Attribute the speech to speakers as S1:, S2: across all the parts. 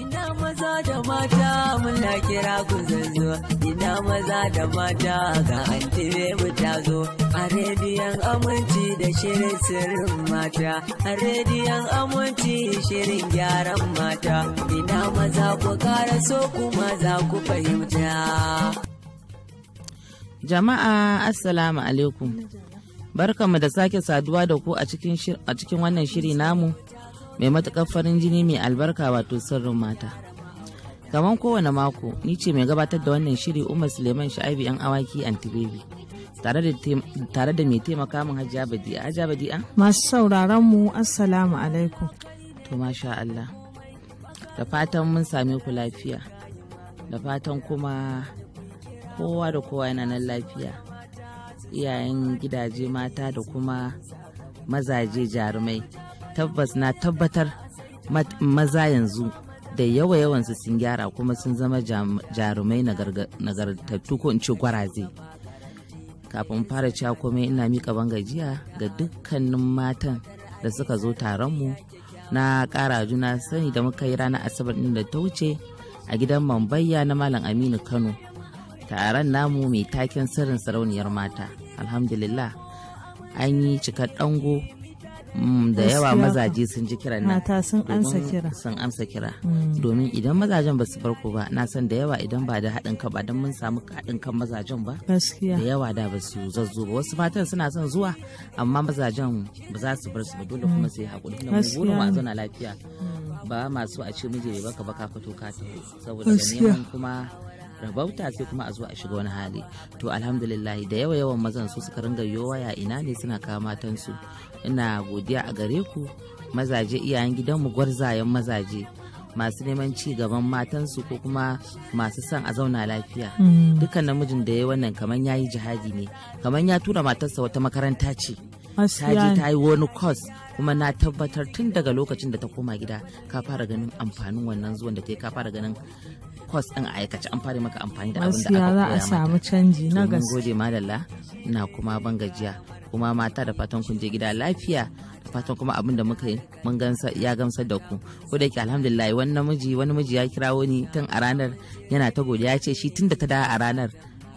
S1: Ina maza da mata muna kira ku zanzo, ina maza da mata ga antire mu tazo, a rediyon aminci da shirin sirrin mata, a rediyon aminci shirin gyaran mata, ina maza ku kara so kuma za ku fahimta. Jama'a Assalamu alaikum. Barkanmu da sake saduwa da ku a cikin wannan shiri namu mai matuƙar farin jini mai albarka wato sirrin mata kamar kowane mako ni ce mai gabatar da wannan shiri umar suleiman sha'ibi yan awaki antibabi tare da mai taimaka min hajiya badi'a hajiya badi'a
S2: masu sauraron
S1: mu assalamu alaikum to masha Allah da fatan mun same ku lafiya da fatan kuma kowa da kowa yana nan lafiya iyayen gidaje mata da kuma mazaje jarumai tabbas na tabbatar maza yanzu da yawa yawansu sun gyara kuma sun zama jarumai nagartattu ko in ce gwaraze kafin fara cewa komai ina mika bangajiya ga dukkanin matan da suka zo taron mu na kara juna sani da muka yi ranar asabar din da ta wuce a gidan mambayya na malam aminu kano taron namu mai taken sirrin sarauniyar mata alhamdulillah an yi cikar ɗango. Mm, da yawa mazaje sun ji kiran nan mata sun amsa kira sun amsa kira mm. domin idan mazajen ba su farko ba na san da yawa idan ba da haɗin kan ba don mun samu haɗin kan mazajen ba gaskiya da yawa da ba su zazzo ba wasu matan suna son zuwa amma mazajen ba za su bar su ba dole mm. kuma sai haƙuri na mu a zauna lafiya ba masu a ce miji bai baka baka fito ka saboda neman kuma rabauta sai kuma a zo a shiga wani hali to alhamdulillah da yawa yawan mazan su suka ringa yowa ya ina ne suna matan su. ina godiya a gare ku mazaje iyayen gidanmu gwarzayen mazaje masu neman ci gaban matansu ko kuma masu son a zauna lafiya mm. dukkan namijin da ya wannan kamar ya yi jihadi ne kamar ya tura matarsa wata makaranta ce ta je ta yi wani kwas kuma na tabbatar tun daga lokacin da ta koma gida ka fara ganin amfanin wannan zuwan da ta yi ka fara ganin course din a aikace an fara maka amfani da abin da aka koya maka. samu
S2: canji na gaske. gode
S1: madalla na kuma ban gajiya kuma mata da fatan kun je gida lafiya da fatan kuma abin da muka yi mun ya gamsa da ku ko da yake alhamdulillah wani namiji wani miji ya kirawo ni tun a ranar yana ta godiya ya ce shi tun da ta da a ranar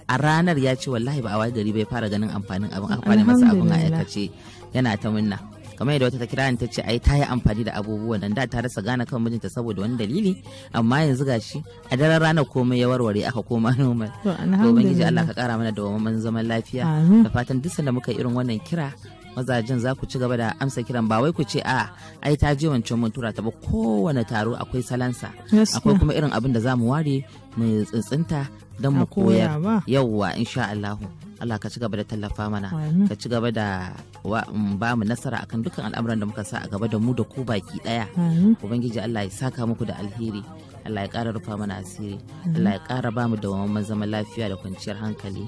S1: a ranar ya ce wallahi ba a waye gari bai fara ganin amfanin abin aka fara masa abin a aikace yana ta munna kamar yadda wata ta kira ni ta ce ai ta yi amfani da abubuwa nan da ta rasa gane kan mijinta saboda wani dalili amma yanzu gashi a daren ranar komai ya warware aka koma normal to ubangiji Allah ka kara mana zaman lafiya da fatan duk da muka irin wannan kira mazajen za ku ci gaba da amsa kiran ba wai ku ce a ai ta je wancan mun tura ta ba kowane taro akwai salansa akwai kuma irin abin da za mu ware mu tsintsinta don mu koyar yauwa insha Allah Allah ka ci gaba da tallafa mana ka ci gaba da mm, ba mu nasara akan dukkan al'amuran da muka sa a gaba da mu da ku baki daya ubangiji Allah ya saka muku da alheri Allah ya ƙara rufa mana asiri Allah ya ƙara ba mu da zaman lafiya da kwanciyar hankali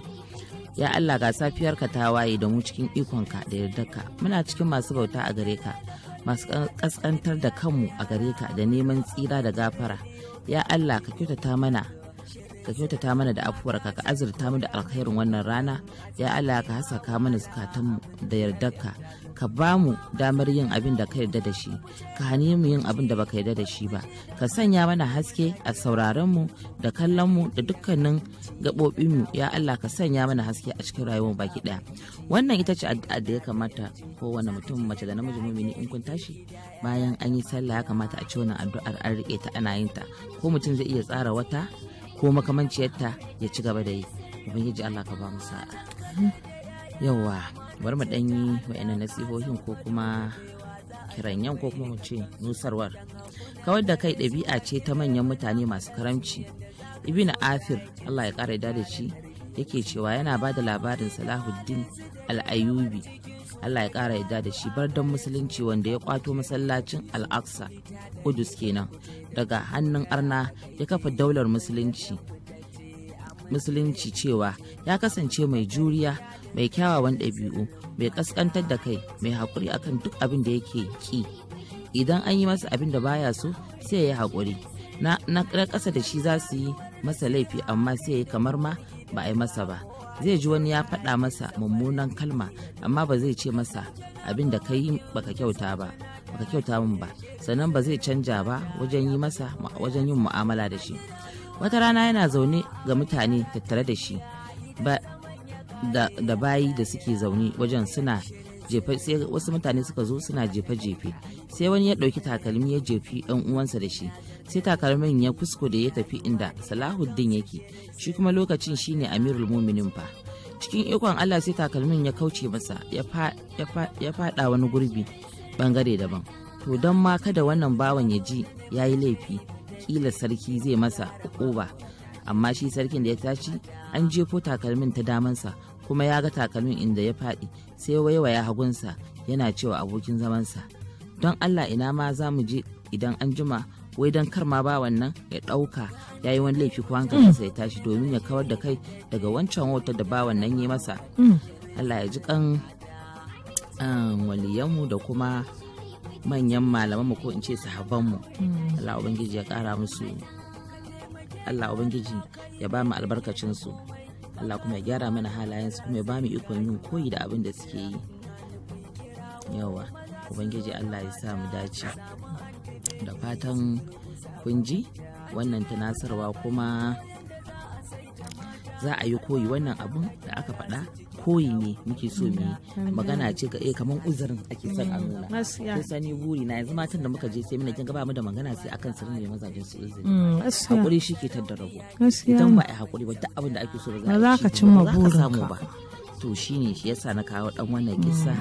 S1: ya Allah ga ka ta waye da mu cikin ikonka da yardarka muna cikin masu bauta a gare ka masu kaskantar da kanmu a gare ka da neman tsira da gafara ya Allah ka kyautata mana ka kyautata mana da afuwar ka azurta mu da alkhairin wannan rana ya Allah ka hasaka mana zukatanmu da yardarka ka ba mu damar yin abin da ka yarda da shi ka hani mu yin abin da baka yarda da shi ba ka sanya mana haske a sauraron mu da kallon mu da dukkanin gabobin mu ya Allah ka sanya mana haske a cikin rayuwar baki daya wannan ita ce addu'a da ya kamata kowane mutum mace da namiji mumini in kun tashi bayan an yi sallah ya kamata a ci wannan addu'ar an riƙe ta ana yin ta ko mutum zai iya tsara wata ko makamanciyarta ya ci gaba da yi ubangiji Allah ka ba mu sa'a yawa bari mu dan yi wayannan nasihohin ko kuma kiranyan ko kuma mu ce nusarwar kawar da kai ɗabi'a ce ta manyan mutane masu karamci ibn afir Allah ya ƙara da shi yake cewa yana ba da labarin salahuddin al ayubi Allah ya ƙara yadda da shi Bar bardan musulunci wanda ya kwato masallacin Al-Aqsa Kudus kenan daga hannun arna ya kafa daular musulunci musulunci cewa ya kasance mai juriya mai kyawawan ɗabi'u mai ƙasƙantar da kai mai haƙuri akan duk abin da yake ƙi idan an yi masa abin da baya so sai ya yi haƙuri na ƙasa da shi za su yi masa laifi amma sai ya yi kamar ma ba a yi masa ba zai ji wani ya faɗa masa mummunan kalma amma ba zai ce masa abin da ka yi baka kyauta ba baka kyauta min ba sannan ba zai canja ba wajen yi masa wajen yin mu'amala da shi wata rana yana zaune ga mutane tattare da shi da bayi da suke zaune wajen suna jefa sai wasu mutane suka zo suna jefe-jefe sai wani ya ɗauki takalmi ya jefi ɗan uwansa da shi sai takalmin ya kuskure ya tafi inda salahuddin yake shi kuma lokacin shine amirul muminin fa cikin ikon allah sai takalmin ya kauce masa ya fada wani gurbi bangare daban to don ma kada wannan bawan ya ji ya yi laifi kila sarki zai masa ƙoba amma shi sarkin da ya tashi an jefo takalmin ta damansa kuma ya ga takalmin inda ya faɗi sai waiwaya hagunsa yana cewa abokin zamansa don allah ina ma za mu je idan an jima wai don kar ma ba wannan ya ɗauka ya yi wani laifi ko mm. sai ya tashi domin ya kawar da kai daga wancan wata da ba wannan yi masa mm. Allah ya ji kan um, waliyanmu da kuma manyan malamanmu ko in ce sahabanmu mm. Allah ubangiji ya kara musu Allah ubangiji ya ba mu albarkacinsu Allah kuma ya gyara mana halayen su kuma ya ba mu ikon yin koyi da abin da suke yi yawa ubangiji Allah ya sa mu dace da fatan kun ji wannan tunasarwa kuma za a yi koyi wannan abun da aka faɗa koyi ne muke so mu yi magana ce ga eh kaman uzurin ake son a nuna sai sani buri na yanzu matan da muka je sai muna kin ga ba mu da magana sai akan su ne mazajin su uzuri mm, hakuri shi ke tadda rabo idan ba a hakuri ba duk abin da ake so ba za ka cimma za ka ba to ne shi yasa na kawo dan wannan mm, kisa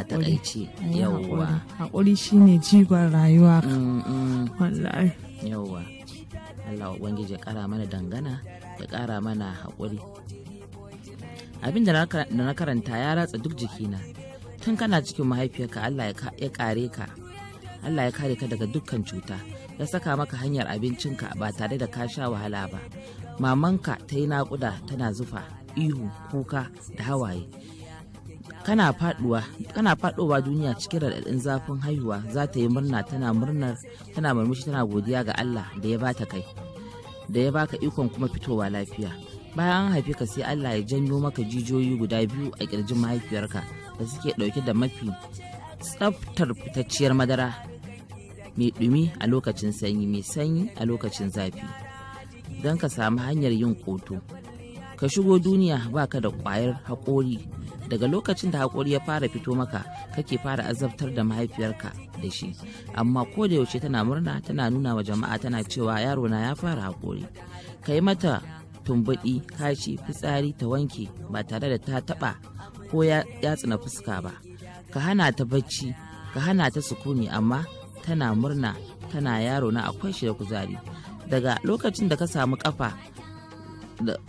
S2: a takaice
S1: yawwa hakuri
S2: ne jigon rayuwa wallahi
S1: Allah ubangiji ya kara mana dangana ya kara mana hakuri abin da na karanta ya ratsa duk jikina tun kana cikin mahaifiyarka Allah ya kare ka Allah ya kare ka daga dukkan cuta ya saka maka hanyar abincinka ba tare da ka sha wahala ba mamanka ta yi naƙuda tana zufa ihu kuka da hawaye kana faduwa duniya cikin raɗaɗin zafin haihuwa za ta yi murna tana murnar tana murmushi tana godiya ga Allah da ya bata kai da ya baka ikon kuma fitowa lafiya bayan an haife ka sai Allah ya janyo maka jijiyoyi guda biyu a kirjin mahaifiyarka da suke ɗauke da mafi tsaftar fitacciyar madara mai ɗumi a lokacin sanyi mai sanyi a lokacin zafi don ka samu hanyar yin koto ka shigo duniya baka da kwayar haƙori daga lokacin da haƙori ya fara fito maka kake fara azabtar da mahaifiyarka da shi amma ko da yaushe tana murna tana nuna wa jama'a tana cewa yaro na ya fara haƙori ka yi mata tumbuɗi kashi fitsari ta wanke ba tare da ta taɓa ko ya tsina fuska ba ka hana ta bacci ka hana ta sukuni amma tana murna tana yaro na akwai shi da kuzari daga lokacin da ka samu kafa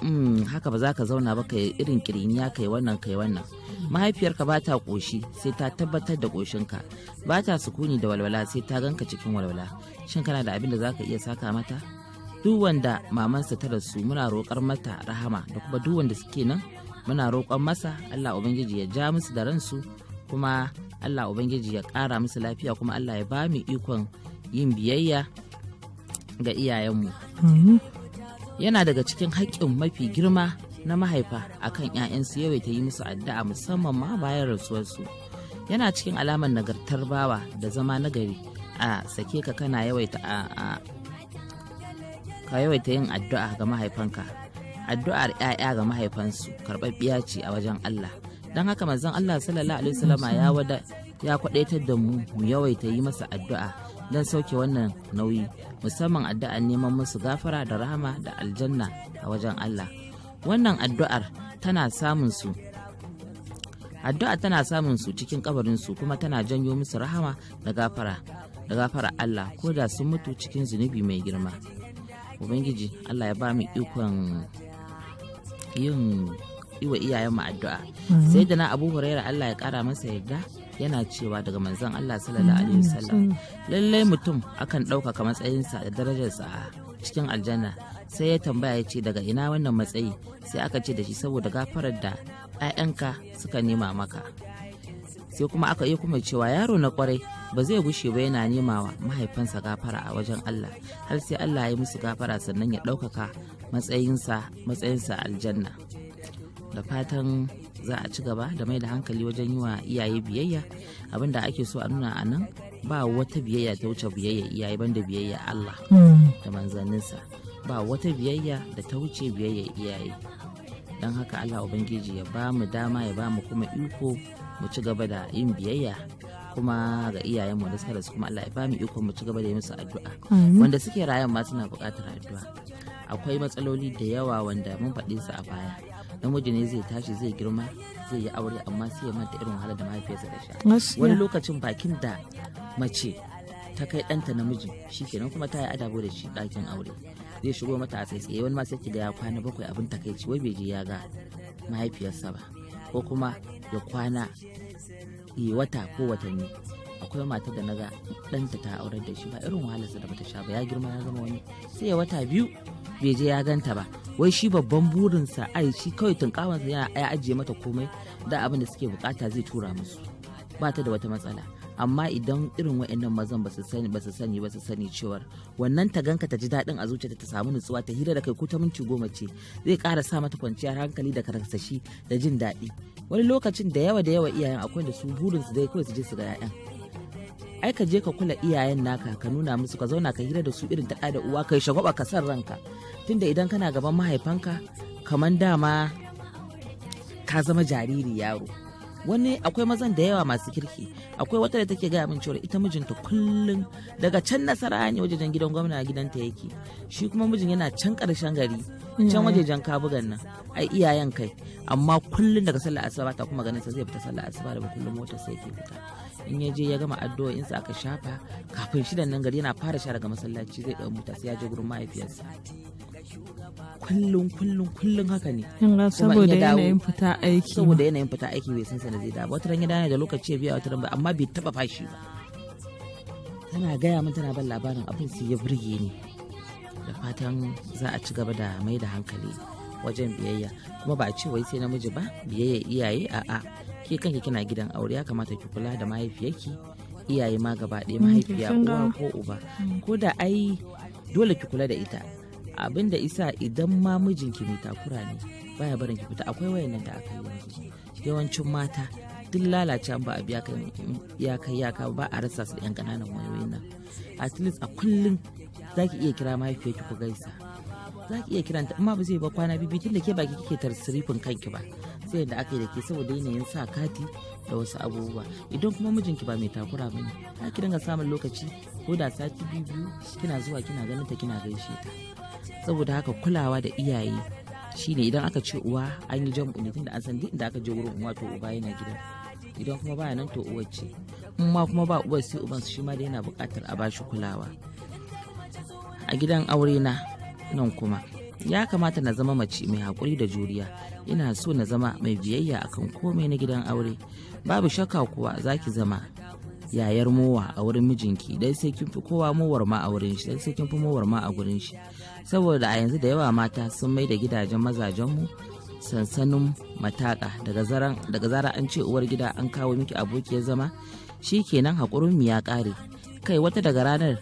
S1: Mm, haka ba za ka zauna ba kai irin kiriniya kai wannan kai wannan mahaifiyarka ba ta ƙoshi sai ta tabbatar da ƙoshinka ba ta sukuni da walwala sai ta ganka cikin walwala shin kana da abin da za ka iya saka mata duk wanda mamansa ta rasu muna roƙar mata rahama da kuma duk wanda suke nan muna roƙon masa Allah ubangiji ya ja musu da ransu kuma Allah ubangiji ya ƙara musu lafiya kuma Allah ya ba mu ikon yin biyayya ga iyayenmu. Mm-hmm. yana daga cikin haƙƙin mafi girma na mahaifa a kan 'ya'yansu yawaita yi musu addu'a musamman ma bayan rasuwarsu yana cikin alamar nagartar bawa da zama nagari a sake ka kana yawaita a ka yawaita yin addu'a ga mahaifanka addu'ar 'ya'ya ga mahaifansu karɓaɓɓiya ce a wajen Allah don haka manzon Allah sallallahu alaihi wasallama ya wada ya kwaɗaitar da mu mu yawaita yi masa addu'a don sauke wannan nauyi musamman addu'ar neman musu gafara da rahama da aljanna a wajen Allah wannan addu'ar tana samun su addu'a tana samun su cikin kabarin su kuma tana janyo musu rahama da gafara da gafara Allah ko da sun mutu cikin zunubi mai girma ubangiji Allah ya ba mu ikon yin iwa iyayenmu addu'a sai da na Abu Hurairah Allah ya kara masa yadda yana cewa daga manzon Allah sallallahu alaihi wasallam mm, mm. lallai mutum akan ɗaukaka matsayinsa da darajarsa a cikin aljanna sai ya tambaya ya ce daga ina wannan matsayi sai aka ce da shi saboda gafarar da 'ya'yanka suka nema maka sai kuma aka yi kuma cewa yaro na kwarai ba zai gushe ba yana nema wa mahaifansa gafara a wajen Allah har sai Allah ya yi musu gafara sannan ya ɗaukaka matsayinsa matsayinsa aljanna da fatan za a ci gaba da mai da hankali wajen yi wa iyaye biyayya abin da ake so a nuna a nan ba wata biyayya ta wuce biyayya iyaye banda biyayya Allah hmm. da manzanninsa ba wata biyayya da ta wuce biyayya iyaye don haka Allah Ubangiji ya ba mu dama ya ba mu kuma iko mu ci gaba da yin biyayya kuma ga iyayenmu da suka rasu kuma Allah ya ba mu iko mu ci gaba da yi musu addu'a wanda suke rayuwa ma suna buƙatar addu'a akwai matsaloli da yawa wanda mun faɗi su a baya namiji ne zai tashi zai girma zai yi aure amma sai ya manta irin wahala da mahaifiyarsa da sha wani lokacin bakin da mace ta kai ɗanta namiji shi kenan kuma ta yi adabo da shi ɗakin aure zai shigo mata a tsaye wani ma sai ki ga ya kwana bakwai abin takaici wai bai je ya ga mahaifiyarsa ba ko kuma ya kwana wata ko watanni akwai mata da naga ɗanta ta aurar da shi ba irin wahalarsa da bata sha ba ya girma ya zama wani sai ya wata biyu bai je ya ganta ba wai shi babban burinsa ai shi kawai tunkawansa yana ya ajiye mata komai da abin da suke bukata zai tura musu ba ta da wata matsala amma idan irin wa'annan mazan ba su sani ba su sani ba su sani cewar wannan ta ganka ta ji daɗin a zuciyarta ta samu nutsuwa ta hira da kai ko ta minti goma ce zai ƙara sa mata kwanciyar hankali da karsashi da jin daɗi wani lokacin da yawa da yawa iyayen akwai da su burinsu dai kawai su je su ga 'ya'yan ai ka je ka kula iyayen naka ka nuna musu ka zauna ka hira da su irin ta da uwa kai shagwaba ka san ranka tunda idan kana gaban mahaifanka kaman dama ka zama jariri yaro wani akwai mazan da yawa masu kirki akwai wata da take gaya min cewa ita mijinta kullum daga can nasara ne wajen gidan gwamna gidanta yake shi kuma mijin yana can karshen gari can wajejen kabugan nan ai iyayen kai amma kullum daga sallar asuba ta kuma ganin sa zai fita sallar asuba da kullum motar sai yake fita in ya je ya gama in sa aka shafa kafin shidan nan gari yana fara shara ga masallaci zai dau mota sai ya je gurin mahaifiyarsa kullum kullum kullum haka ne saboda yanayin fita aiki saboda yanayin fita aiki bai san sana zai dawo wata ran ya dana da lokaci ya biya wata ran amma bai taba fashi ba tana gaya min tana ban labarin abin sai ya burge ni da fatan za a ci gaba da mai da hankali wajen biyayya kuma ba a ce wai sai namiji ba biyayya iyaye a'a ke kanki kina gidan aure ya kamata ki kula da mahaifiyarki iyaye ma gaba ɗaya mm, mahaifiya uwa ko uba mm. ko da ai dole ki kula da ita abin da isa idan ma mijinki mai takura ne baya barin ki fita akwai wayannan da aka yi yawancin mata duk lalace ba a biya kai ya ka ba a rasa su da yan kananan wayoyin nan at least a kullum za ki iya kira mahaifiyar ki ku gaisa za ki iya kiranta amma ba zai ba kwana biyu tun da ke baki kike tarsirifin kanki ba sai da aka yi da ke saboda yanayin sa kati da wasu abubuwa idan kuma mijinki ba mai takura ba ne za ki dinga samun lokaci ko da sati biyu biyu kina zuwa kina ganin ta kina gaishe ta saboda haka kulawa da iyaye shine idan aka ce uwa an yi jam'u ne tunda an san duk inda aka je wurin uwa to uba yana gidan idan kuma ba nan to uwar ce in ma kuma ba uwar sai uban shi ma da yana buƙatar a bashi kulawa a gidan aure na nan kuma ya kamata na zama mace mai haƙuri da juriya ina so na zama mai biyayya akan komai na gidan aure babu shakka kuwa zaki zama yayar mowa a wurin mijinki dai sai kin fi kowa mowar ma a wurin shi dai sai kin fi mowar ma a gurin shi saboda a yanzu da yawa mata sun mai da gidajen mazajen mu sansanin mataka daga zara an ce uwar gida an kawo miki abokiyar zama shi kenan haƙurin mu ya ƙare kai wata daga ranar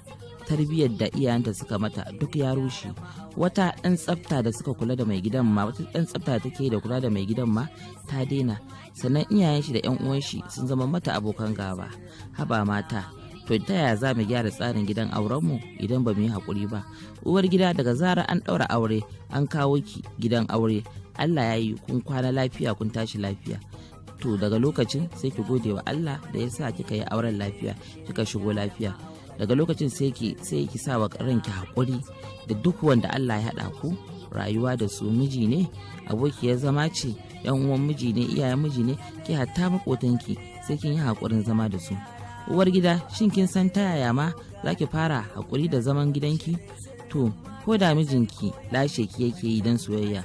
S1: tarbiyyar da iyayenta suka mata duk ya rushe wata ɗan tsafta da suka kula da mai gidan ma wata ɗan tsafta da take da kula da mai gidan ma ta daina sannan iyayen shi da yan uwan shi sun zama mata abokan gaba haba mata to ta yaya za mu gyara tsarin gidan auren mu idan ba mu yi haƙuri ba uwar gida daga zara an ɗaura aure an kawo ki gidan aure Allah ya yi kun kwana lafiya kun tashi lafiya to daga lokacin sai ki gode wa Allah da ya sa kika yi auren lafiya kika shigo lafiya daga lokacin sai ki sai ki sa wa ranki haƙuri da duk wanda Allah ya haɗa ku rayuwa da su miji ne ya zama ce yan uwan miji ne iyayen miji ne ki hatta makotanki sai kin yi haƙurin zama da su uwar gida shin kin san ta yaya ma za ki fara haƙuri da zaman gidanki to ko da mijinki lashe ki yake yi dan soyayya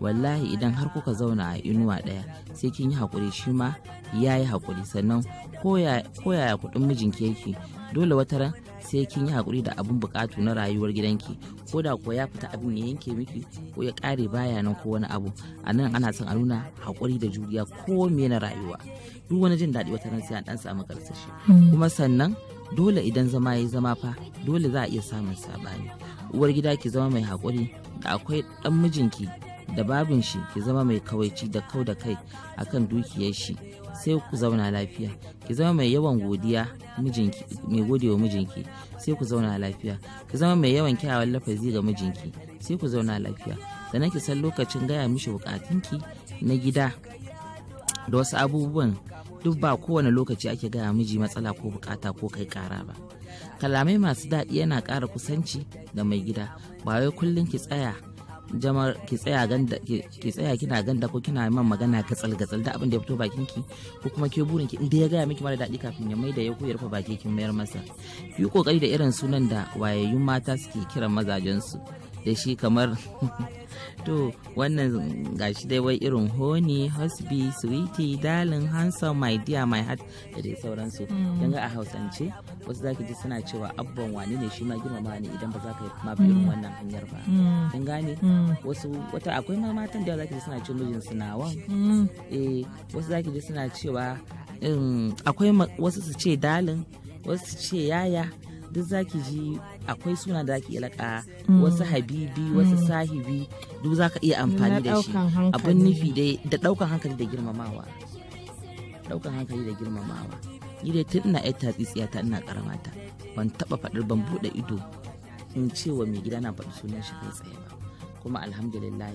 S1: wallahi idan har kuka zauna a inuwa ɗaya sai kin yi haƙuri shi ma ya yi haƙuri sannan koyaya kuɗin mijinki yake dole wata ran sai kin yi hakuri da abin bukatu na rayuwar gidanki ko da ko ya fita abin ya yanke miki ko ya kare baya nan ko wani abu a nan ana son a nuna hakuri da juriya ko me na rayuwa duk wani jin daɗi wata ran sai an ɗan samu karsashi hmm. kuma sannan dole idan zama ya zama fa dole za a iya samun saɓani uwar gida ki zama mai hakuri da akwai ɗan mijinki da babin shi ki zama mai kawaici da kau da kai akan dukiyar shi sai ku zauna lafiya ki zama mai yawan godiya mijinki mai godewa mijinki sai ku zauna lafiya ki zama mai yawan kyawawan lafazi ga mijinki sai ku zauna lafiya sannan ki san lokacin gaya mishi bukatunki na gida da wasu abubuwan duk ba kowane lokaci ake gaya miji matsala ko bukata ko kai kara ba kalamai masu daɗi yana ƙara kusanci da mai gida ba wai kullum ki tsaya jamar ki tsaya ganda ki tsaya kina ganda ko kina man magana gatsal gatsal da abin da ya fito bakin ki ko kuma ke burin ki dai ya gaya miki mara daɗi kafin ya maida ya koyar baki kin mayar masa ki kokari da irin sunan da wayayyun mata suke kiran mazajen su da shi kamar to wannan gashi dai wai irin honi husby sweetie darling handsome my dear my heart da dai sauransu mm. don ga a hausance wasu zaki ji suna cewa abban wani ne shi ma girmama ne idan ba za ka yi kuma irin mm. wannan hanyar ba mm. kin gane wasu wata akwai ma matan da zaki eh, ji suna cewa mijin um, su wan eh wasu zaki ji suna cewa akwai wasu su ce darling wasu su ce yaya duk zaki ji akwai suna da zaki laka mm. wasu habibi wasu mm. sahibi duk za ka iya amfani da shi abin nufi da daukan hankali da girmamawa daukan hankali da girmamawa yi dai tun ina yar tsitsiya ta ina karamata ban taba faɗar ban buɗe ido in cewa mai gida na faɗi sunan shi kai tsaye ba kuma alhamdulillah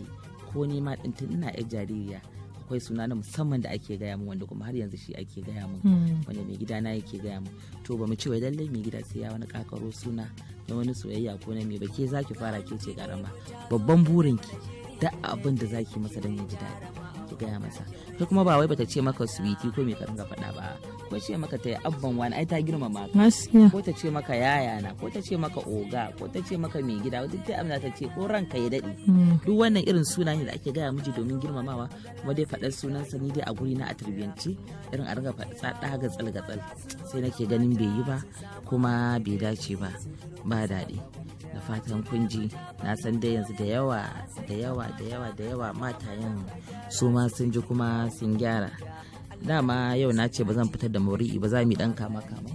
S1: ko ni ma din tun ina yar jaririya akwai suna na musamman da ake gaya mu wanda kuma har yanzu shi ake gaya mu hmm. wanda mai gida na yake gaya mu to ba mu ce wai lallai mai gida sai ya wani kakaro suna na wani soyayya ko na me ba ke zaki fara ke ce karama babban burin ki da abin da zaki masa dan ya ji daɗi ki gaya masa kai kuma ba wai bata ce maka suwiti ko me ka ga faɗa ba ko ce maka ta abban wani ai ta girmama
S2: ka ko
S1: ta ce maka yaya na ko ta ce maka oga ko ta ce maka mai gida duk ta amna ta ce ko ranka ya dade hmm. duk wannan irin suna ne da ake gaya miji domin girmamawa kuma dai faɗar sa ni dai a guri na a tarbiyyance irin a riga faɗa ɗaga gatsal sai nake ganin bai yi ba kuma bai dace ba ba daɗi da fatan kunji na san dai yanzu da yawa da yawa da yawa da yawa matayen su ma sun ji kuma sun gyara dama yau na ce ba zan fitar da maurii ba za mu dan kama kama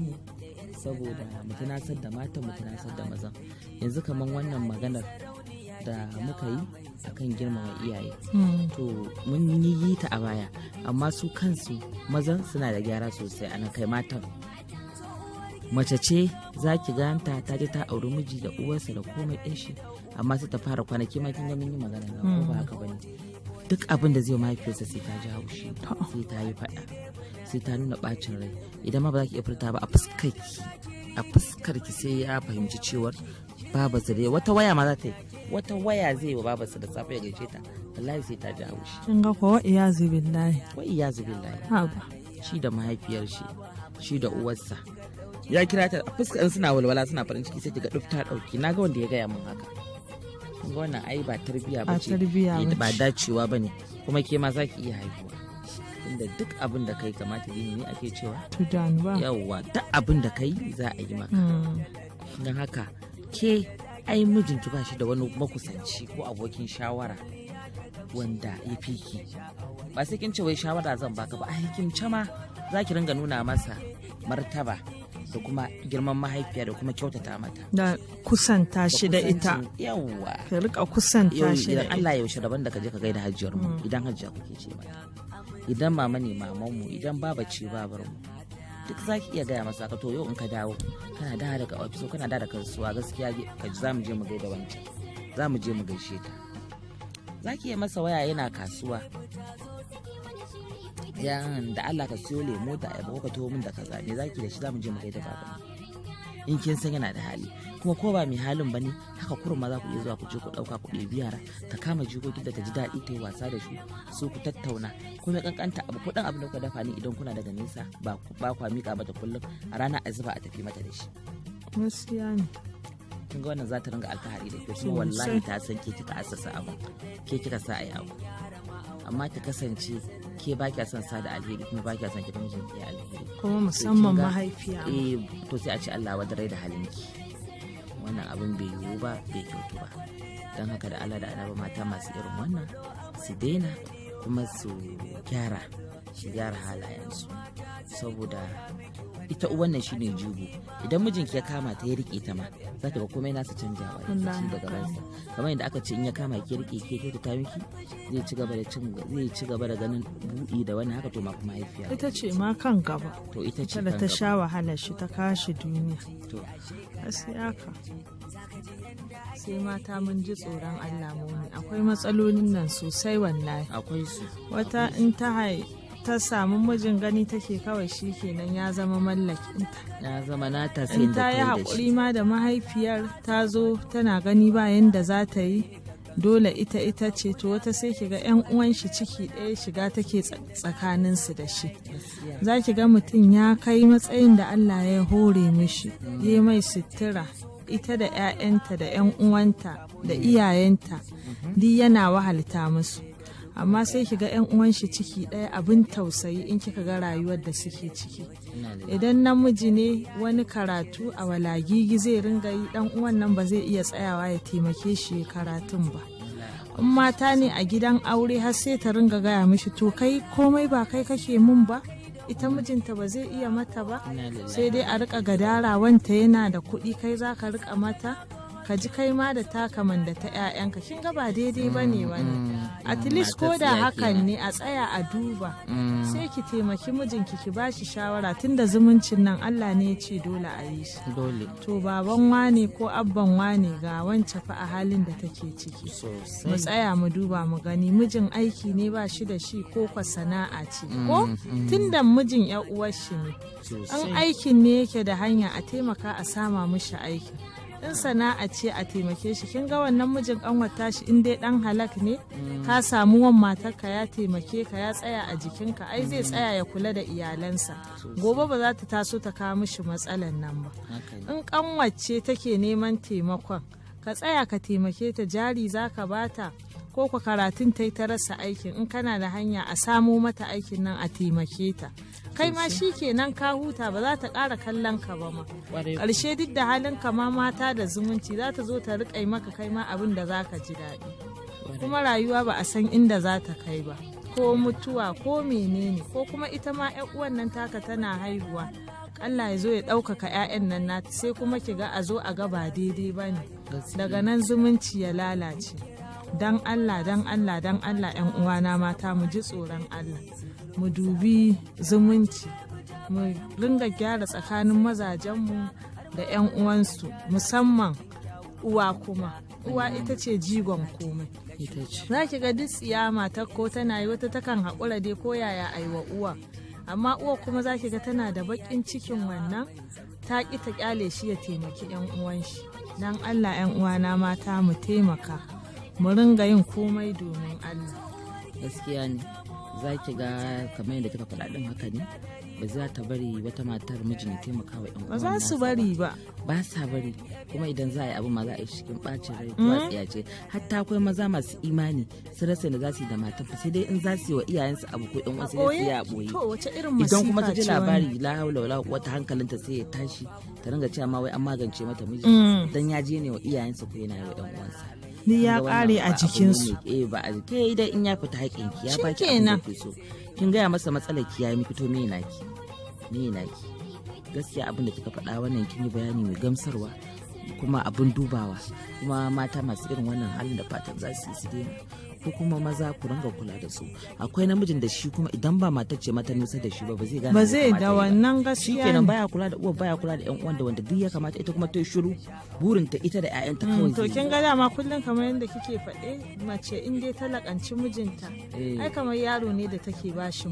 S1: saboda mu tunasar da matan mu tunasar da mazan yanzu kaman wannan maganar da muka yi akan girmama iyaye hmm. to mun yi ta a baya amma su kansu mazan suna da gyara sosai a kai matan mace ce za ki ganta ta je ta auri miji da uwarsa da komai ɗin shi amma sai ta fara kwanaki ma kin ga mun yi magana ko ba hmm. haka bane duk abin da zai mahaifiyarsa sai ta ji haushi sai ta yi faɗa sai ta nuna bacin rai idan ma ba za ki iya furta ba a fuskar ki a fuskar ki sai ya fahimci cewar baba da wata waya ma za ta yi wata waya zai wa babarsa da safe ya gaishe ta wallahi sai ta ji haushi kin ga ko wa iyazu wa iya zubillahi ha shi da mahaifiyar shi shi da uwarsa ya kira ta a fuskar suna walwala suna farin ciki sai ki ga dufta dauki naga wanda ya gaya min haka wannan ai ba tarbiya ba ce eh, ba dacewa ba ne kuma ke ma za ki iya haihuwa tunda duk abin da kai kamata yi ne ake cewa yawwa duk abin da kai za a yi maka hmm. don haka ke ai mijinki ba shi da wani makusanci ko abokin shawara wanda ya fi ki ba sai kin ce wai shawara zan baka ba a hikimce ma za ki ringa nuna masa martaba da kuma girman mahaifiya da kuma kyautata mata
S2: da kusanta shi da ita
S1: yawwa ka rika kusanta shi da Allah ya yaushe daban da ka je ka gaida hajjiyar mu mm. idan hajjiya kuke ce mata idan mama ne maman mu idan baba ce babar mu duk za ki iya gaya masa ka to yau in ka dawo kana da daga ofiso kana da daga kasuwa gaskiya ka za mu je mu gaida wancan za mu je mu gaishe ta za ki iya masa waya yana kasuwa yan da Allah ka siyo lemo da ayaba ka to min da kaza me zaki da shi zamu je mu kai ta baba in kin san yana da hali kuma ko ba mai halin bane haka kurun za ku iya zuwa ku je ku dauka ku ɗebi yara ta kama jikokin da ta ji daɗi ta yi wasa da shi su ku tattauna ko mai kankanta abu kuɗin abu da ku dafa ni idan kuna daga nesa ba ku ba ku mata kullum a rana a zuba a tafi mata da shi
S2: gaskiya ne
S1: kin ga wannan za ta ringa alƙahari da ke kuma wallahi ta san ke kika asasa abu ke kika sa ayi abu amma ta kasance ke ba kya son sada alheri kuma ba kya son ki ga ki alheri kuma musamman mahaifiya eh to sai a ci Allah wadarai da halinki wannan abin bai yiwu ba bai kyautu ba don haka da Allah da annabi mata masu irin wannan su daina kuma su gyara su gyara halayensu saboda ita wannan shine jugu idan mijinki ya kama ta ya rike ta ma za ta ga komai nasa canjawa ya ci daga ransa kamar yadda aka ce in ya kama ki rike ki ke ta miki zai ci gaba da cin zai ci gaba da ganin buɗi da wannan haka to ma kuma haifiya ita
S2: ce ma kan gaba
S1: to ita ce da ta sha
S2: wahala shi ta kashi duniya to sai haka sai mata mun ji tsoron Allah mu akwai matsalolin nan sosai wallahi akwai su wata in ta haifi ta samu mijin gani take kawai shi kenan ya zama mallakinta
S1: ya zama nata sai ta yi hakuri
S2: ma da mahaifiyar ta zo tana gani ba yanda za ta yi dole ita ita ce to wata sai ki ga yan uwan shi ciki ɗaya shiga take tsakanin su da shi za ki ga mutum ya kai matsayin da Allah ya hore mishi ya mai sutura ita da 'ya'yanta da 'yan uwanta da mm. iyayenta mm-hmm. duk yana wahalta musu amma sai ki ga yan uwan shi ciki ɗaya abin tausayi in kika ga rayuwar da suke ciki idan namiji ne wani karatu a walagigi zai ringa yi dan uwan nan ba zai iya tsayawa ya taimake shi karatun ba in mata ne a gidan aure har sai ta ringa gaya mishi to kai komai ba kai kake mun ba ita mijinta ba zai iya mata ba sai dai a rika gadara wanta yana da kuɗi kai za ka rika mata ka ji kai ma da taka man da ta 'ya'yanka kin ga ba daidai ba ne mm, wani mm. at least ko da hakan ne a tsaya a duba
S1: mm. sai ki
S2: taimaki mijinki ki ba shi shawara tunda zumuncin nan Allah ne ya ce dole a yi shi dole to baban wane ko abban wane ga wancan fa a halin da take ciki mu tsaya mu duba mu gani mijin aiki ne ba shi da shi ko kwa sana'a ce ko tunda mijin ƴa uwar shi ne an aikin ne yake da hanya a taimaka a sama mishi aiki in sana'a ce a taimake shi kin ga wannan mijin kanwar tashi in dai dan halak ne mm. ka samu wan matarka ya taimake ka ya tsaya a jikinka ai zai mm. tsaya ya kula da iyalansa gobe ba za ta taso ta kawo mishi matsalan nan ba in kanwar ce take neman taimakon ka tsaya ka taimake ta jari za ka bata ko ku karatun ta ta rasa aikin in kana da hanya a samo mata aikin nan a taimake ta kai ma shi kenan ka huta ba za ta ƙara kallon ka ba ma ƙarshe duk da halin ka ma mata da zumunci za ta zo ta riƙa maka kai ma abin da za ka ji daɗi kuma rayuwa ba a san inda za ta kai ba ko mutuwa ko menene ko kuma ita ma 'yan uwan nan taka tana haihuwa Allah ya zo ya ɗaukaka 'ya'yan nan nata sai kuma ki ga a zo a ga ba daidai ba ne daga nan zumunci ya lalace. dan Allah dan Allah dan Allah yan uwana mata mu ji tsoron Allah mu dubi zumunci mu ringa gyara tsakanin mazajenmu da yan uwansu musamman uwa kuma uwa ita ce jigon komai za ki ga duk tsiya matar ko tana yi wata takan haƙura dai ko yaya aiwa uwa amma uwa kuma za ki ga tana da baƙin cikin wannan ta ƙi ta ƙyale shi ya taimaki 'yan uwan shi don allah 'yan uwana mata mu taimaka mu ringa yin komai domin Allah
S1: gaskiya ne za ki ga kamar yadda kika faɗa ɗin haka ne ba za ta bari wata matar mijin taimaka wa yan ba za su bari ba ba sa bari kuma idan za a yi abu ma za a yi cikin ɓacin rai ko mm. a ce hatta akwai maza masu imani su rasa da za su yi da matan fa sai dai in za su yi wa iyayensu abu ko yan wasu sai a boye
S2: idan kuma ta ji labari
S1: la haula wala wata hankalinta sai ya tashi ta ringa cewa ma wai an magance mata miji mm. dan ya je ne wa iyayensa ko yana yi wa ƴan uwansa ni ya kare a jikinsu eh ba a jike da in ya fita haƙin ki ya baki abin da ke so kin gaya masa matsalar ki ya yi fito me ki. me ki. gaskiya abin da kika faɗa wannan kin yi bayani mai gamsarwa kuma abin dubawa kuma mata masu irin wannan halin da fatan za su yi su daina ko kuma maza ku ringa kula da su akwai namijin da shi kuma idan ba matar ce mata nisa da shi ba ba zai gane ba zai da
S2: wannan gaskiya shikenan baya
S1: kula da uwa baya kula da yan uwan da wanda duk ya kamata ita kuma ta shiru burin ta ita da ƴaƴanta hmm, kawai to kin ga
S2: dama kullun kamar yadda kike faɗe mace in dai talakanci mijinta eh. ai kamar yaro ne da take ba shi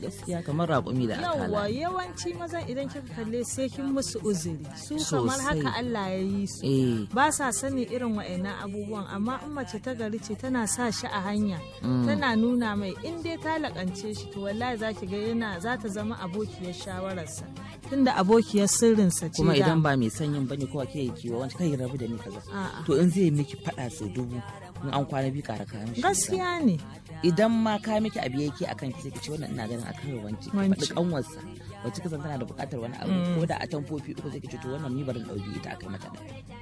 S2: gaskiya
S1: kamar raƙumi da akala yawa
S2: yawanci mazan idan kika kalle sai kin musu uzuri su kamar haka Allah ya yi su eh. ba sa sani irin wa'annan abubuwan amma in mace ta gari ce tana sa shi a hanya mm. tana nuna mai in dai ta lakance shi to wallahi za ki ga yana za ta zama abokiyar shawararsa tunda abokiyar
S1: sirrinsa ce kuma idan ba mai sanyin bane ke yi kiwo wancan kai rabu da ni kaza to in zai miki fada su dubu in an kwana bi ƙara kayan gaskiya ne idan ma ka miki abu yake akan ki sai ki ce wannan ina ganin akan wanki faɗi kanwarsa wacce kasan tana da buƙatar wani abu mm. ko da a tanfofi uku sai ki ce to wannan ni barin dauki ita akai mata ɗaya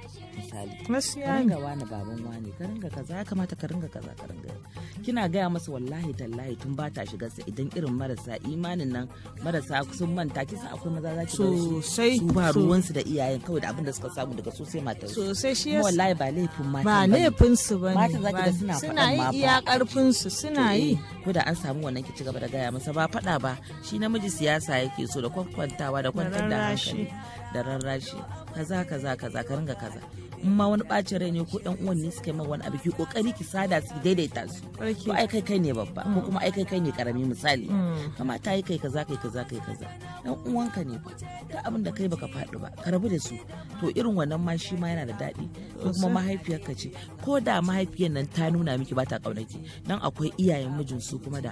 S1: misali gaskiya ne wani baban wani ka ringa kaza ya kamata ka ringa kaza ka ringa kina gaya masa wallahi tallahi tun ba ta shiga sa idan irin marasa imanin nan marasa sun manta kisa akwai maza za ki sosai su ba ruwan su da iyayen kawai da abin da suka samu daga sosai matar sai shi yasa wallahi ba laifin mata ba laifin su bane mata za ki ga suna suna yi iya karfin su suna eh, yi ko da an samu wannan ki ci gaba da gaya masa ba faɗa ba shi namiji siyasa yake so da kwakwantawa da kwantar da hankali da rarrashi kaza kaza kaza ka ringa kaza in ma wani ɓacin rai ne ko yan uwan ne suka yi wani abu ki kokari ki sada su daidaita su ko ai kai kai ne babba ko mm. kuma ai kai kai ne karami misali kamata mm. yi kai kaza kai kaza kai kaza yan uwanka ne ta abin da kai baka faɗi ba ka rabu da su to irin wannan ma shi ma yana da daɗi ko kuma mahaifiyar ka ce ko da mahaifiyar nan ta nuna miki ba ta ƙaunaki dan akwai iyayen mijin su kuma da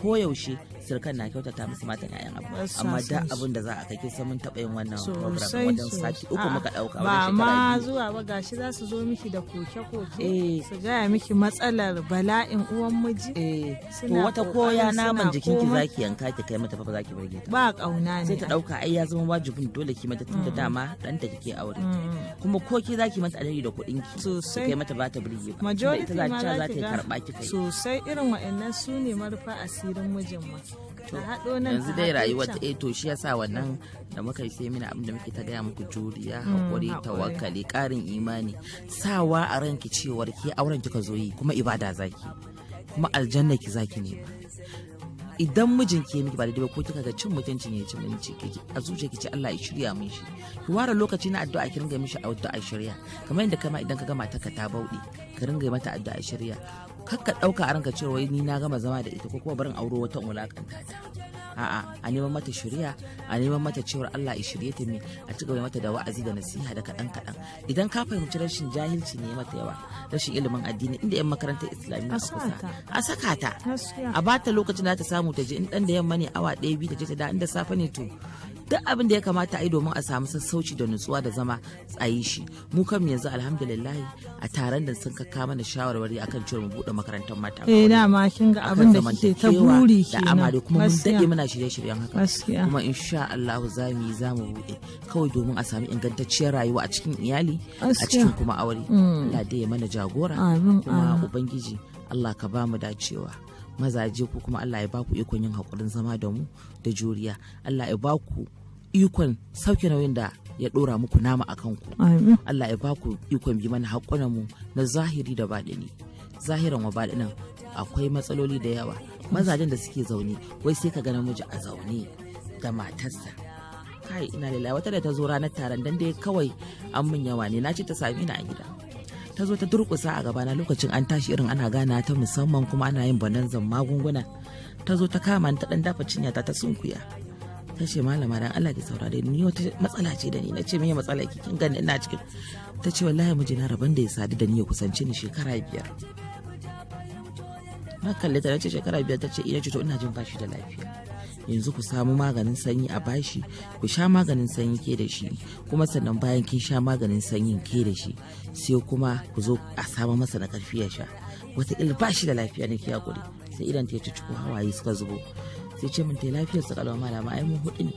S1: koyaushe sirkan na kyautata musu matan yayan abu amma da abin da za a kai sai mun taɓa yin wannan program wajen sati uku muka ɗauka ba ma
S2: zuwa ba gashi za su zo miki da koke-koke eh. su gaya miki matsalar bala'in uwan miji eh. ko wata koya naman jikin ki zaki
S1: yanka ki kai mata fa zaki burge ta ba kauna ne sai ta ɗauka ai ya zama wajibin dole ki mata tun da mm. dama ta kike aure mm. kuma ko ki zaki mata alheri da kuɗin ki sosai kai mata ba ta burge ba majority ma za ta karɓa ki kai sosai
S2: irin wa'annan su ne marufa asirin mijin ma yanzu dai rayuwa ta eh, to
S1: shi yasa wannan da muka yi sai mini abinda muke ta gaya muku juriya mm, hakuri tawakkali karin imani sawa a ranki cewar ke auren kika zo yi kuma ibada zaki kuma aljanna ki zaki ne idan mijin ke miki ba da dabe ko kika ga cin mutunci ne cin mutunci kike a zuciya ki ce Allah ya shirya min shi ki ware lokaci na addu'a ki ringa mishi addu'a shirya kamar yadda kama idan ka ga mata ka ta bauɗe ka ringa mata addu'a shirya kakka ɗauka a ranka cewa ni na gama zama da ita ko kuma barin auro wata wulakanta ta a'a a neman mata shirya, a neman mata cewa, Allah ya shirye ta me a ci gaba mata da wa'azi da nasiha da kaɗan kaɗan idan ka fahimci rashin jahilci ne mata yawa rashin ilimin addini inda yan makarantar islamiyya a kusa a saka ta a bata lokacin da ta samu ta je in dan da yamma ne awa ɗaya biyu ta je ta da inda safe ne to duk abin da ya kamata a yi domin a samu sassauci da nutsuwa da zama tsayi shi mu kam yanzu alhamdulillah a taron da sun kaka mana shawarwari akan cewa mu bude makarantar mata eh
S2: ma kin ga abin da kike ta buri da amare kuma mun dade muna
S1: shirye-shiryen haka kuma insha Allah za mu yi za mu bude kawai domin a samu ingantacciyar rayuwa a cikin iyali a cikin kuma aure mm. ya dai mana jagora kuma ubangiji Allah ka ba mu dacewa mazaje ku kuma Allah ya baku ikon yin haƙurin zama da mu da juriya Allah ya baku ikon sauke nauyin da ya ɗora muku nama a kanku Allah ya baku ikon bi mana haƙuna mu na zahiri da baɗini zahiran wa baɗinan akwai matsaloli da yawa mazajen da suke zaune wai sai ka ga namiji a zaune da matarsa kai ina lalai wata da ta zo ranar taron dan dai kawai an mun yawa ne na ce ta sami ni a gida ta zo ta durƙusa a gabana lokacin an tashi irin ana gana ta musamman kuma ana yin bananzan magunguna ta zo ta kama ta dan dafa cinya ta ta sunkuya ta ce malama dan Allah ki saurare ni wata matsala ce da ni na ce me matsala ki kin gani ina cikin ta ce wallahi na rabon da ya sadu da ni ya kusanci ni shekara biyar na kalle ta ce shekara biyar ta ce ina ce to ina jin bashi da lafiya yanzu ku samu maganin sanyi a bashi ku sha maganin sanyi ke da shi kuma sannan bayan kin sha maganin sanyin ke da shi sai kuma ku zo a samu masa na karfi ya sha wataƙila ba shi da lafiya na kiya kuɗi sai idan ta ciko hawaye suka zubo sai ce min ta lafiyar su kalma malama ai mun hudu ne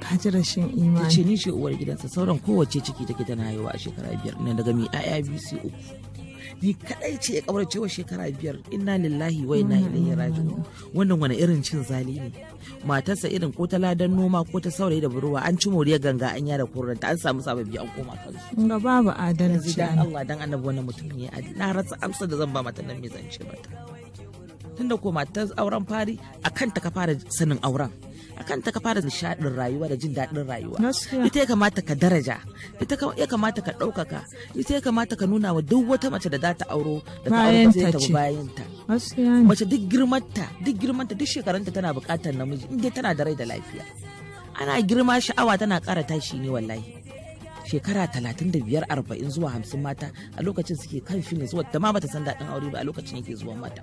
S2: ka ji rashin imani ce
S1: ni shi uwar gidansa sauran kowace ciki take tana haihuwa a shekara biyar na daga mi biyu sai uku ni kadai ce ya kaurace wa shekara biyar inna lillahi wa inna ilaihi raji'un wannan wani irin cin zali ne matarsa irin ko ta ladan noma ko ta saurayi da burwa an ci moriyar ganga an yada kuranta an samu sababbi an koma kansu
S2: ga babu adalci da Allah
S1: dan annabi wannan mutum ne na rasa amsa da zan ba mata nan me zance mata tunda ko matar auren fari akan ta ka fara sanin auren akan ta ka fara nishadin rayuwa da jin daɗin rayuwa ita ya kamata ka daraja ita ya kamata ka ɗaukaka ita ya kamata ka nuna wa duk wata mace da za ta auro da ta auro ta bayan ta mace duk girmanta duk girmanta duk shekarunta tana buƙatar namiji in tana da rai da lafiya ana girma sha'awa tana ƙara tashi ne wallahi shekara talatin da biyar arba'in zuwa hamsin mata a lokacin suke kan fini zuwa da ma bata san daɗin aure ba a lokacin yake zuwa mata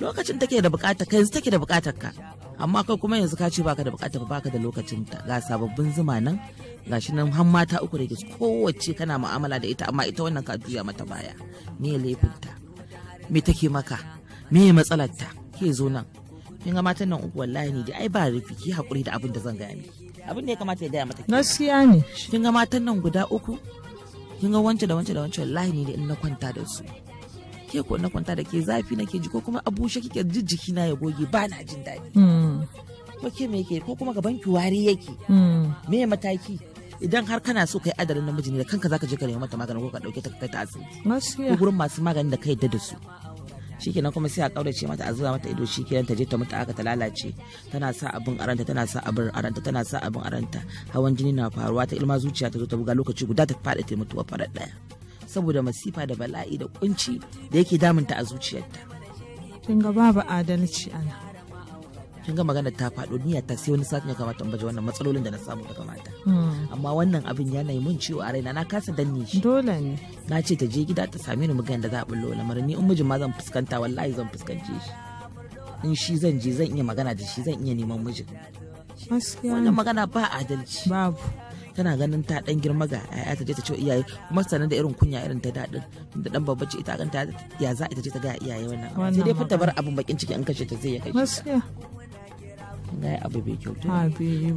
S1: lokacin take da bukatar ka yanzu take da bukatar ka amma kai kuma yanzu ka ce baka da bukatar baka da lokacin ta ga sababbin zuma nan gashi nan har mata uku da kowace kana mu'amala da ita amma ita wannan ka juya mata baya me laifin ta me take maka me ya matsalar ta ke zo nan kin ga matan nan uku wallahi ni dai ai ba rufi ki hakuri da abin da zan gaya abin da ya kamata ya gaya mata gaskiya ne kin ga matan nan guda uku kin ga wance da wance da wance wallahi ni da in na kwanta da su ke ko na kwanta da ke zafi na ke ji ko kuma a bushe kike ji jiki na ya goge ba na jin daɗi ko
S2: hmm.
S1: ke me yake ko kuma gaban ki wari yake hmm. me mataki idan har kana so kai adalin namiji ne da kanka zaka je ka nemi mata magani ko ka dauke ta kai ta asibiti ko gurin masu magani da kai da su shikenan kuma sai a kaurace mata a zuwa mata ido shikenan ta je ta mutu aka ta lalace tana sa abin aranta tana sa abin aranta tana sa abin aranta hawan jini na faruwa ta ilma zuciya ta zo ta buga lokaci guda ta faɗi ta mutuwa farar daya saboda masifa da bala'i da kunci da yake damunta a zuciyarta
S2: kin ga babu adalci ana
S1: kin ga magana ta faɗo niyya ta sai wani satin ya kamata in baje wannan matsalolin da na samu daga mata hmm. amma wannan abin yi mun ciwo a raina na kasa danne shi dole ne na ce ta je gida ta same ni mugan da za a bullo lamarin ni in mijin ma zan fuskanta wallahi zan fuskance shi in shi zan je zan iya magana da shi zan iya neman mijin wannan magana ba adalci babu tana ganin ta dan girma ga yaya ta je ta ce iyaye kuma sanan da irin kunya irin ta daɗi. da dan babba ce ita ganta ya za ita je ta ga iyaye wannan sai dai bar bakin ciki an kashe ta zai ya kashe abu bai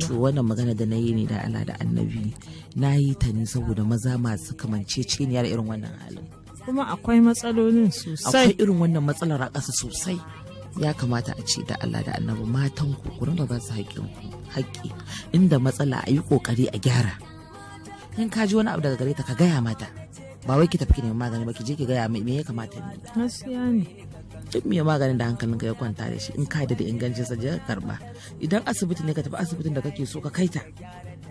S1: to wannan magana da nayi ne da Allah da annabi na ta ne saboda maza masu kamanceceniya da irin wannan halin
S2: kuma akwai matsalolin sosai akwai
S1: irin wannan matsalar a ƙasa sosai ya kamata a ce da Allah da annabi matan ku gurin da ba su haƙƙin ku haƙƙi inda matsala a yi ƙoƙari a gyara in ka ji wani abu daga gare ta ka gaya mata ba wai ki tafi ki neman magani ba ki je ki gaya mai me ya kamata ne gaskiya ne duk mai maganin da hankalin ka ya kwanta da shi in ka da ingancin sa ka karba idan asibiti ne ka tafi asibitin da kake so ka kaita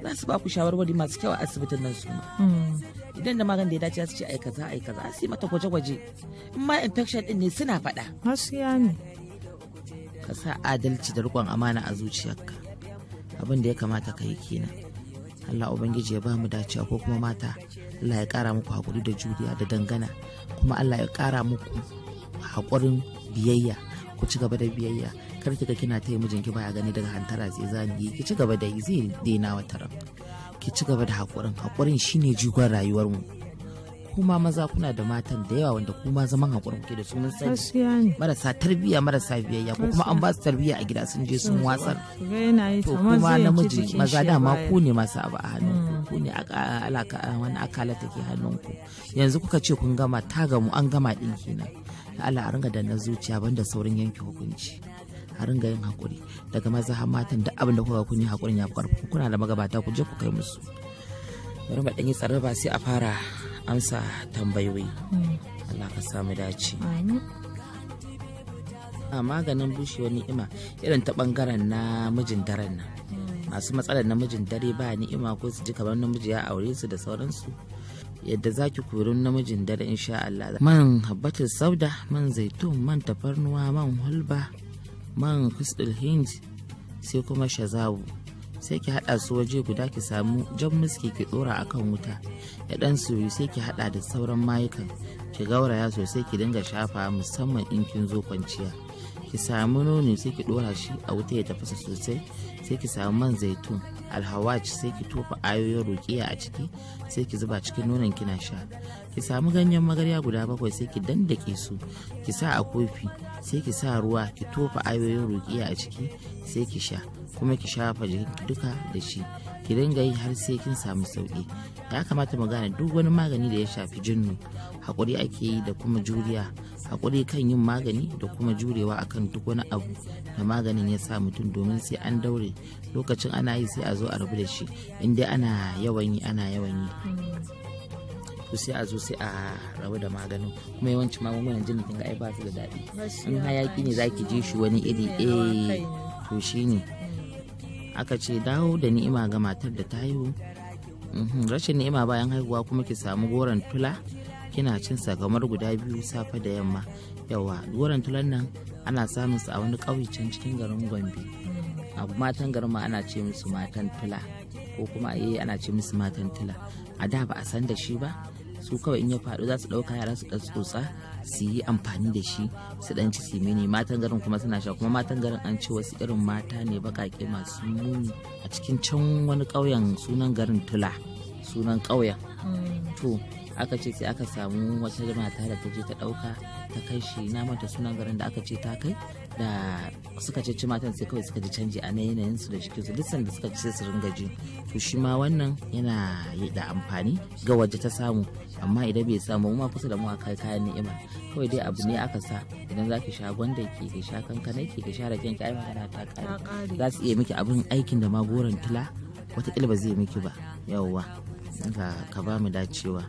S1: za su ba ku shawarwari masu kyau a asibitin nan su
S2: hmm.
S1: idan da maganin da ya dace su ce aikaza-aikaza, a kaza sai mata gwaje-gwaje in ma infection din ne suna faɗa gaskiya ne ka sa adalci da rikon amana a zuciyarka abin da ya kamata ka yi kenan Allah Ubangiji ya ba mu dacewa ko kuma mata Allah ya kara muku haƙuri da juriya da dangana kuma Allah ya kara muku haƙurin biyayya ku ci gaba da biyayya kar ki ga kina taya mijinki baya gani daga hantara zai zani ki ci gaba da yi zai daina wata ran ki ci gaba da haƙurin haƙurin shine jigon rayuwar mu kuma maza kuna da matan da yawa wanda kuma zaman haƙuri ke da su mun sani marasa tarbiyya marasa biyayya ko kuma an ba su tarbiyya a gida sun je sun watsar to kuma namiji maza dama ku ne masu abu a hannun mm. ku ne wani akala take hannun ku yanzu kuka ce kun gama ta gamu an gama din kenan Allah a ringa da na zuciya banda saurin yanke hukunci. a ringa yin hakuri daga maza har matan duk abin da kuka kun yi hakurin ya ku kuna da magabata ku je ku kai musu bari mu dan sai a fara amsa tambayoyi mm. Allah ka samu dace a maganin wani ni'ima irin ta bangaren na mijin daren nan mm. masu matsalar namijin dare ba ni'ima ko su ji kamar namiji ya aure su da sauransu yadda za ki kori namijin dare insha Allah man habbatul sauda man zaitun man tafarnuwa man hulba man kustul hinj sai kuma shazabu sai ki haɗa su waje guda ki samu jan muski ki ɗora akan wuta ya ɗan soyu sai ki haɗa da sauran mayukan ki gauraya sosai ki dinga shafa musamman in kin zo kwanciya ki samu nono sai ki ɗora shi a wuta ya tafasa sosai sai ki samu man zaitun alhawaci sai ki tofa ayoyin rukiya a ciki sai ki zuba cikin nonon kina sha ki samu ganyen magarya guda bakwai sai ki dandake su ki sa a kofi sai ki sa ruwa ki tofa ayoyin rukiya a ciki sai ki sha kuma ki shafa jikinki duka da shi ki dinga yi har sai kin samu sauki ya kamata mu gane duk wani magani da ya shafi jinnu hakuri ake yi da kuma juriya hakuri kan yin magani da kuma jurewa akan duk wani abu da maganin ya sa mutum domin sai an daure lokacin ana yi sai a zo a rabu da shi inda ana yawan yi ana yawan yi to sai a zo sai a rabu da maganin kuma yawancin magungunan jini kin ga ai ba su da daɗi in hayaki ne zaki je shi wani iri eh to shine aka ce dawo da ni'ima ga matar da ta haihu mhm, rashin ni'ima bayan haihuwa kuma ki samu goron tula kina cin sa kamar guda biyu safe da yamma yawa goron tulan nan ana samun su a wani ƙauye can cikin garin gombe hmm. abu matan garin ma ana ce musu matan tula ko kuma a eh, ana ce musu matan tula a da ba a san da shi ba su kawai in ya faɗo za su ɗauka yara su tsotsa su yi amfani da shi su ɗan ci su mini matan garin kuma suna sha kuma matan garin an ce wasu irin mata ne baƙaƙe masu muni a cikin can wani ƙauyen sunan garin tula sunan ƙauyen hmm. to aka ce sai aka samu wata mata da ta je ta ɗauka ta kai shi na mata sunan garin da aka ce ta kai da suka ce ci matan sai kawai suka ji canji a yanayin su da su duk sanda suka ci sai su ringa ji to shi ma wannan yana da amfani ga waje ta samu amma idan bai samu ma kusa da mu a kai kayan ni'ima kawai dai abu ne aka sa idan za ki sha gwanda ki ki sha kankana ke ki sha raken ki magana ta kare za su iya miki abin aikin da ma goron kila watakila ba zai miki ba yawwa ka ba mu dacewa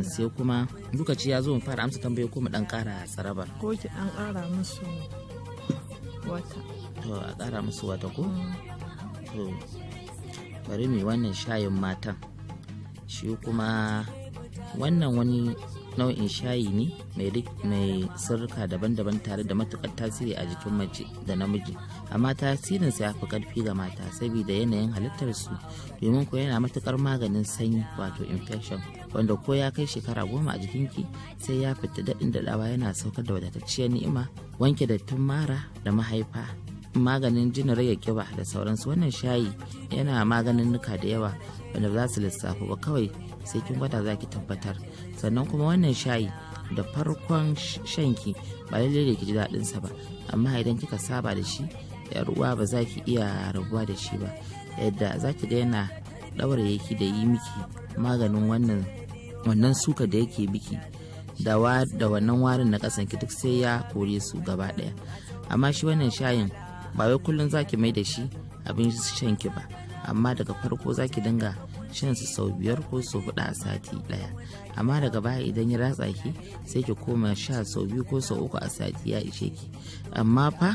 S1: sai kuma lokaci ya zo mu fara amsa tambayoyi ko mu dan kara tsarabar
S2: ko ki dan kara musu wata
S1: to a kara musu wata ko mm. to bari mu wannan shayin matan shi kuma wannan wani nau'in shayi ne mai sirrika daban-daban tare da matukar tasiri a jikin mace da namiji amma tasirin sa ya fi karfi ga mata saboda yanayin halittar su domin ko yana matukar maganin sanyi wato infection wanda ko ya kai shekara goma a jikin ki sai ya fita daɗin daɗawa yana saukar da wadatacciyar ni'ima wanke dattin mara da mahaifa maganin jin rage kiba da sauransu wannan shayi yana maganin nuka da yawa wanda ba za su lissafa ba kawai sai kin gwada za ki tabbatar sannan kuma wannan shayi da farkon shanki ba lalle da ki ji daɗin sa ba amma idan kika saba da shi yar uwa ba za ki iya rabuwa da shi ba yadda za ki ga yana ya ki da yi miki maganin wannan wannan suka da yake biki da wannan warin na ƙasan ki duk sai ya kore su gaba ɗaya amma shi wannan shayin ba wai kullum za ki mai da shi abin shan ki ba amma daga farko za ki dinga shan su sau biyar ko sau hudu a sati daya amma daga baya idan ya ratsa ki sai ki koma sha sau biyu ko sau uku a sati ya ishe ki amma fa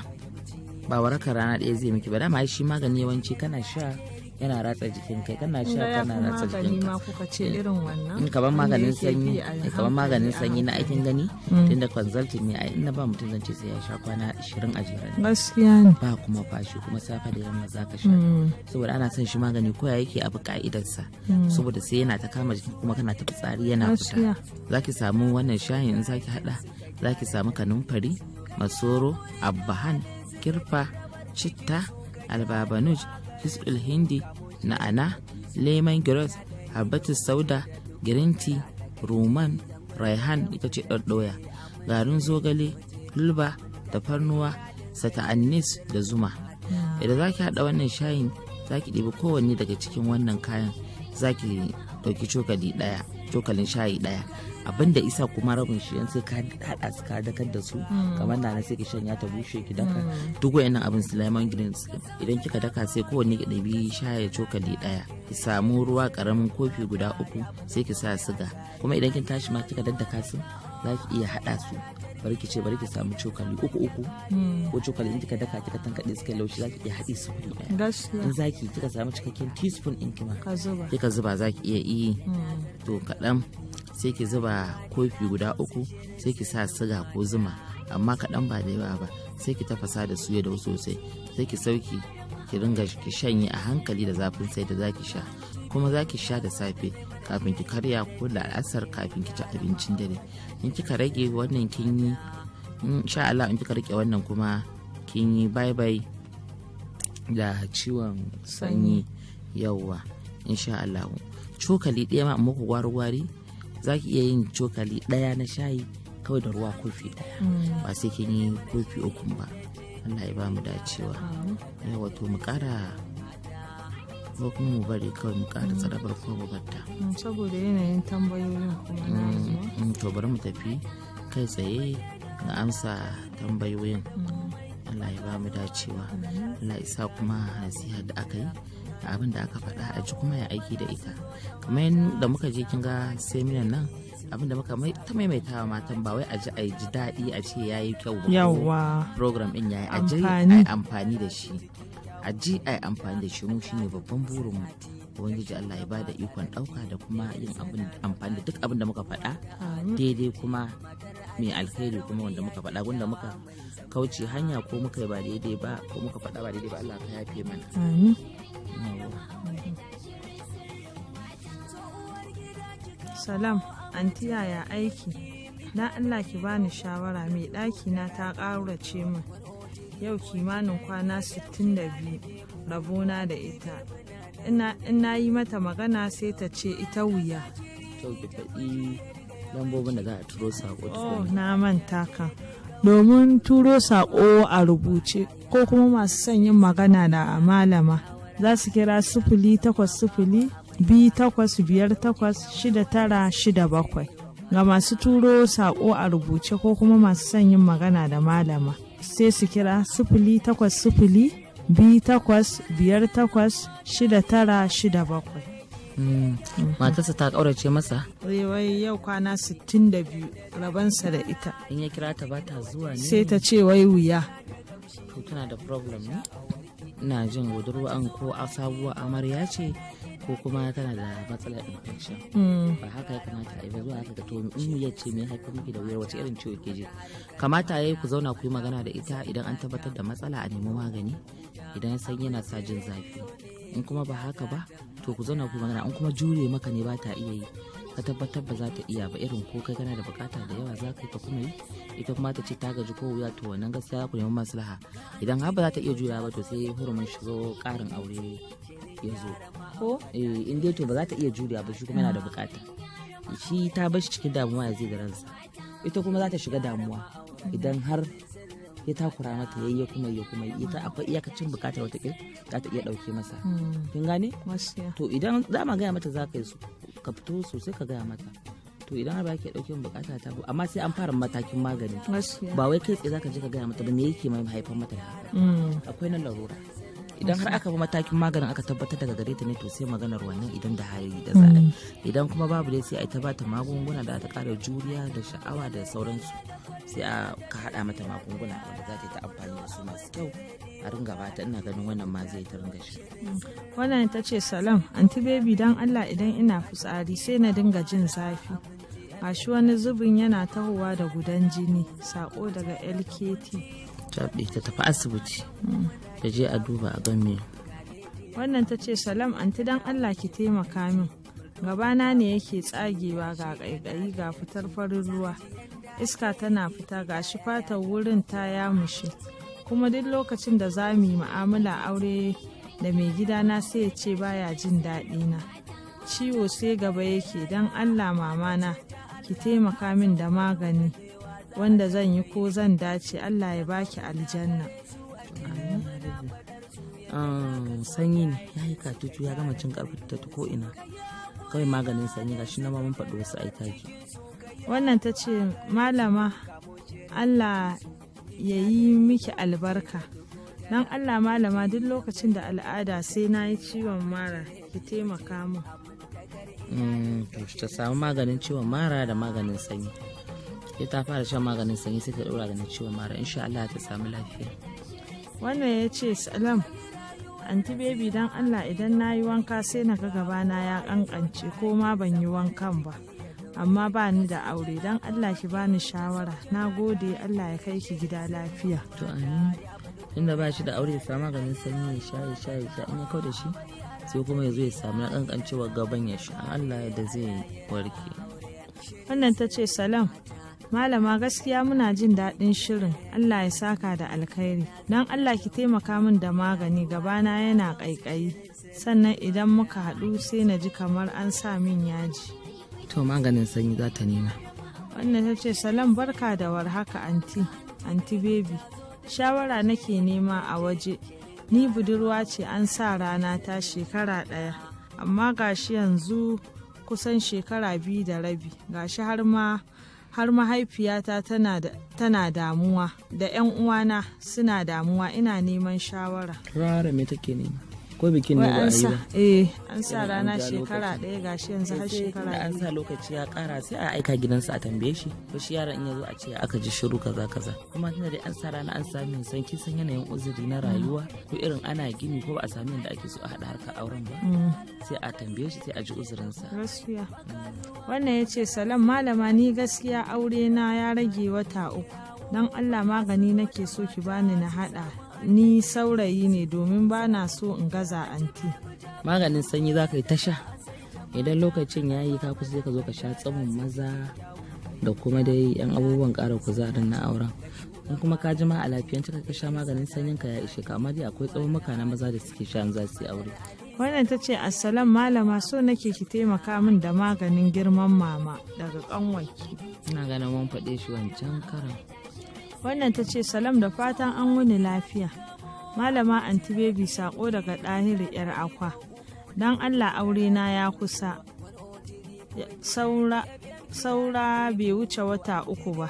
S1: ba waraka rana ɗaya zai miki ba dama shi magani yawanci kana sha yana ratsa jikin kai kana sha kana ratsa jikin ka
S2: kuka ce irin wannan ban maganin sanyi ban maganin sanyi na aikin
S1: gani mm. tunda consulting ne ai ina ba mutum zan ce sai ya sha kwana 20 a jere
S2: gaskiya ne
S1: ba kuma fashi kuma safa da yamma zaka sha
S2: mm.
S1: saboda ana son shi magani ko yake abu ka'idarsa mm. saboda sai yana ta kama jiki kuma kana ta fitsari yana fita zaki samu wannan shayin in zaki hada zaki samu kanumfari masoro abahan kirfa citta albabanuj hiskul hindi na'ana lemon grass habatus sauda green tea roman raihan ita ce ɗaɗɗoya garin zogale hulba tafarnuwa sata'annis da zuma hmm. idan za ki haɗa wannan shayin za ki ɗibi kowanne daga cikin wannan kayan za ki ɗauki cokali ɗaya cokalin shayi ɗaya abin da isa kuma rabin shi yan sai ka dada su ka dakar da su hmm. kamar na sai ki shanya ta bushe ki daka hmm. duk wayannan abin Sulaiman greens idan kika daka sai kowanne ki dabi shaya cokali ɗaya ki samu ruwa karamin kofi guda uku sai ki sa siga kuma idan kin tashi ma kika daddaka su za ki iya haɗa su bari ki ce bari ki samu cokali uku uku hmm. ko cokali in kika daka kika tankaɗe suka laushi za ki iya haɗe su kuɗi ɗaya in za ki kika samu cikakken teaspoon ɗin kima kika zuba za ki iya yi hmm. to kaɗan sai ki zuba kofi guda uku sai ki sa siga ko zuma amma kaɗan ba da yawa ba sai ki tafasa da su ya dau sosai sai ki sauki ki ringa ki shanye a hankali da zafin sai da za ki sha kuma za ki sha da safe kafin ki karya ko da asar kafin ki ci abincin dare in kika rage wannan kin yi insha Allah in kika rike wannan kuma kin yi bye bye da ciwon sanyi yauwa insha Allah cokali ɗaya ma muku gwaru gwari za ki iya yin cokali ɗaya na shayi kawai da ruwa kofi ɗaya mm. ba sai kin yi kofi uku ba Allah ya ba mu dacewa yawa to mu ƙara ko kuma mu bari kawai mu kara tsarabar ko babata
S2: mm, saboda yanayin tambayoyin kuma na mm,
S1: mm, to bari mu tafi kai tsaye ga amsa tambayoyin Allah ya ba mu dacewa Allah isa kuma nasiha da aka yi da abin da aka faɗa a ji kuma ya aiki da ita kamar da muka je kin ga seminar nan abin da muka ta maimaitawa matan ba wai a ji a ji daɗi a ce ya yi kyau ba yawa program ɗin ya yi a ji amfani da shi a ji a amfani da shiru shine babban burinmu ubangiji allah ya bada ikon dauka da kuma yin amfani da duk abin da muka faɗa daidai kuma mai alheri kuma wanda muka faɗa wanda muka kauce hanya ko muka yi ba daidai ba ko muka faɗa ba daidai ba allah ka yafe mana
S2: salam anti yaya aiki na allah ki bani shawara mai ɗaki na ta ce min yau kimanin kwana 62 rabona da ita in na yi mata magana sai ta ce ita wuya
S1: lambobin da za a turo oh
S2: na manta ka, domin turo sako a rubuce ko kuma masu son yin magana da malama za su kira sifili takwas sufuli biyu takwas biyar takwas shida tara shida bakwai ga masu turo sako a rubuce ko kuma masu son yin magana da malama sai su kira sufuli takwas sufuli biyu takwas biyar takwas shida tara shida bakwai.
S1: Mm. Mhm. matarsa ta ƙaurace masa?
S2: wai yau kwana 62 rabansa da ita in ya kira ta ba ta zuwa ne sai ta ce wai
S1: wuya to tana da problem ne ina jin budurwa an ko a sabuwa amarya ce ko kuma tana da matsalar infection mm. ba haka ya kamata a yi ba zuwa haka ga to in ya ce mai haifar miki da wuyar wace irin ciwo ke ji kamata yayi ku zauna ku yi magana da ita idan an tabbatar da matsala a nemi magani idan san yana sa jin zafi in kuma ba haka ba to ku zauna ku yi magana in kuma jure maka ne ba ta iya yi ka tabbatar ba za ta iya ba irin ko kai kana da bukata da yawa za ka yi ka kuma yi ita kuma ta ce ta gaji ko wuya to wannan gaskiya ku nemi maslaha idan har ba za ta iya jure ba to sai hurumin shigo karin aure ya zo ko eh in dai to ba za ta iya juriya ba shi kuma yana da bukata shi ta bar shi cikin damuwa ya zai da ransa ita kuma za ta shiga damuwa idan har ya takura mata yayi kuma ya kuma ita akwai iyakacin bukata wata ƙil za ta iya ɗauke masa hmm. kin gane to idan za ma gaya mata za ka yi su ka fito sosai ka gaya mata to idan har ba ke ɗauke bukata ta ba amma sai an fara matakin magani ba wai kai tsaye za ka je ka gaya mata ba me yake mai haifar mata haka hmm. akwai na larura idan har aka bi matakin maganin aka tabbatar daga gare ta ne to sai maganar wannan idan da hari da za mm. idan kuma babu dai sai a ta bata magunguna da ta kara juriya da sha'awa da sauransu sai a ka haɗa mata magunguna wanda za ta yi ta amfani da su masu kyau a ringa bata ina ganin wannan ma zai ta ringa shi. Mm.
S2: wannan ta ce salam anti baby dan allah idan ina fitsari sai na dinga jin zafi shi wani zubin yana tahowa da gudan jini sako daga lkt
S1: shaɓe ta tafi asibiti ta je a duba a gan
S2: wannan ta ce salam anti dan allah ki taimaka min gabana ne yake tsagewa ga ƙaiƙayi ga fitar farin ruwa iska tana fita ga shi fatar wurin ta ya mushe kuma duk lokacin da za mu yi mu'amala aure da mai gidana sai ya ce baya jin daɗi na ciwo sai gaba yake dan allah mamana ki taimaka min da magani wanda zan yi ko zan dace Allah ya baki aljanna
S1: ah, sanyi ne ya yi katutu ya gama cin karfi ta ko ina kawai maganin sanyi ga shi na mun faɗi wasu aikaki
S2: wannan ta ce malama Allah ya yi miki albarka don Allah malama duk lokacin da al'ada sai na yi ciwon mara ki taimaka min
S1: mm, ta samu maganin ciwon mara da maganin sanyi sai ta fara shan maganin sanyi sai ta dora da na ciwon mara sha Allah ta samu lafiya
S2: wannan ya ce salam anti baby dan Allah idan na yi wanka sai na ga gabana ya kankance ko ma ban yi wankan ba amma ba ni da aure dan Allah ki bani shawara na gode Allah ya kai ki gida lafiya
S1: to amin inda ba shi da aure ya samu maganin sanyi ya sha ya sha ya sha in ya kau da shi sai kuma ya zo ya samu na kankancewa gaban ya sha Allah ya da zai warke
S2: wannan ta ce salam Malama gaskiya muna jin daɗin shirin Allah ya saka da alkhairi. Don Allah ki taimaka min da magani gabana yana ƙaiƙayi. Sannan idan muka haɗu sai na ji kamar an sa min yaji.
S1: To maganin sanyi za ta nema.
S2: Wannan ta ce salam barka da warhaka anti, anti baby. Shawara nake nema a waje. Ni budurwa ce an sa rana ta shekara ɗaya. Amma gashi yanzu kusan shekara biyu da rabi gashi har ma har mahaifiyata tana damuwa da 'yan uwana suna damuwa ina neman shawara.
S1: Rara me take nema? ko bikin ne ba a yi ba eh an sa rana shekara ɗaya shi yanzu har shekara an sa lokaci ya kara sai a aika gidansa a tambaye shi ko shi yaron in yazo a ce aka ji shiru kaza kaza kuma tana dai an sa rana an sami san kin san yanayin uzuri na rayuwa ko irin ana gini ko ba a sami yadda ake so a haɗa harkar auren ba mm. sai a tambaye shi sai a ji uzurinsa
S2: gaskiya mm. wannan ya ce salam malama ni gaskiya aure na ya rage wata uku don allah magani nake so ki bani na haɗa ni saurayi ne domin ba na so in gaza anti
S1: maganin sanyi za ka yi tasha idan lokacin ya yi ka kusa ka zo ka sha tsamin maza da kuma dai yan abubuwan ƙara kuzarin na auren in kuma ka jima a cika ka sha maganin sanyin ka ya ishe ka amma dai akwai tsawon maka maza da suke sha za su yi aure
S2: wannan ta ce assalam malama so nake ki taimaka min da maganin girman mama daga kanwaki
S1: ina ganin mun faɗe shi wancan karan
S2: wannan ta ce salam da fatan an wuni lafiya malama anti baby sako daga ɗahiri yar akwa don allah aure na ya kusa saura, bai wuce wata uku ba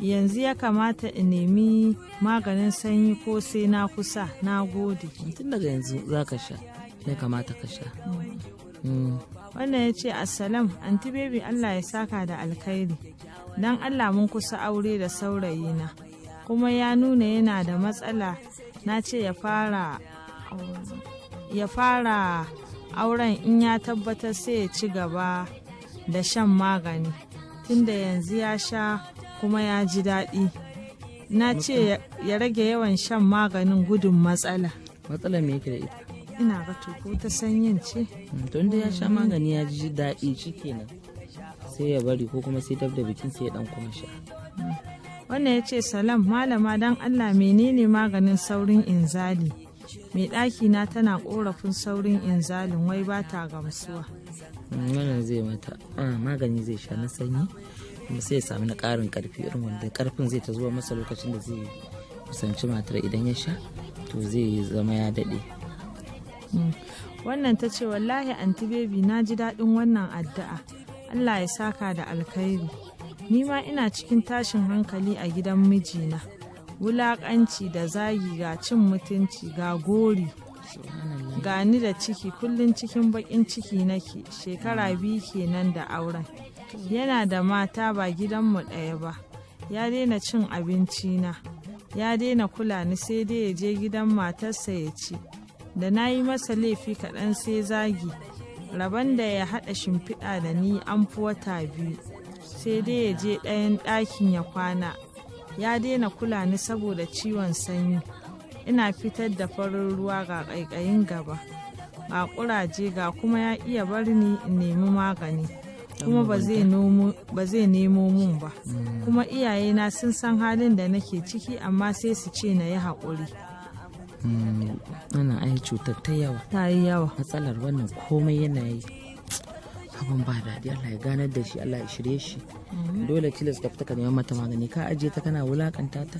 S2: yanzu ya kamata in nemi maganin sanyi ko sai na kusa na gode tun daga yanzu za ka sha ya kamata ka sha mm. Mm. wannan ya ce assalam anti baby allah ya saka da alkhairi don allah mun kusa aure da saurayina kuma ya nuna yana da matsala na ce ya fara ya fara auren in ya tabbatar sai ya ci gaba da shan magani tunda yanzu ya sha kuma ya ji daɗi na ce ya rage yawan shan maganin gudun matsala matsala me yake da ita ina ga ko ta sanyin ce
S1: hmm, tunda ya sha magani ya ji daɗi shi kenan sai ya bari ko kuma sai dab da bikin sai ya dan kuma sha
S2: wannan ya ce salam malama dan allah menene maganin saurin inzali mai ɗaki na tana korafin saurin inzalin wai ba ta gamsuwa
S1: mm, wannan zai mata magani zai sha na sanyi kuma sai ya sami na ƙarin karfi irin wanda karfin zai ta zuwa masa lokacin da zai kusanci matar idan ya sha to zai zama ya daɗe mm.
S2: wannan ta ce wallahi anti baby na ji daɗin wannan addu'a Allah ya saka da alkhairi. Ni ma ina cikin tashin hankali a gidan mijina. Wulaƙanci da zagi ga cin mutunci ga gori. Gani da ciki kullum cikin baƙin ciki nake shekara biyu kenan da auren. Yana da mata ba gidanmu ɗaya ba. Ya daina cin abinci na. Ya daina kula ni sai dai ya je gidan matarsa ya ci. Da na yi masa laifi kaɗan sai zagi. rabon da ya haɗa shimfiɗa da ni an fi wata biyu sai dai ya je ɗayan ɗakin ya kwana ya daina kula ni saboda ciwon sanyi ina fitar da farin ruwa ga ƙaiƙayin gaba ga ƙuraje ga kuma ya iya bar ni in nemi magani kuma ba zai nemo mun ba mm. kuma iyayena sun san halin da nake ciki amma sai su ce na yi haƙuri
S1: ana ai cutar ta yawa ta yi yawa matsalar wannan komai yana yi abin ba daɗi Allah ya ganar da shi Allah ya shirye shi dole tilas ka fita ka neman mata magani ka ajiye ta kana wulakanta ta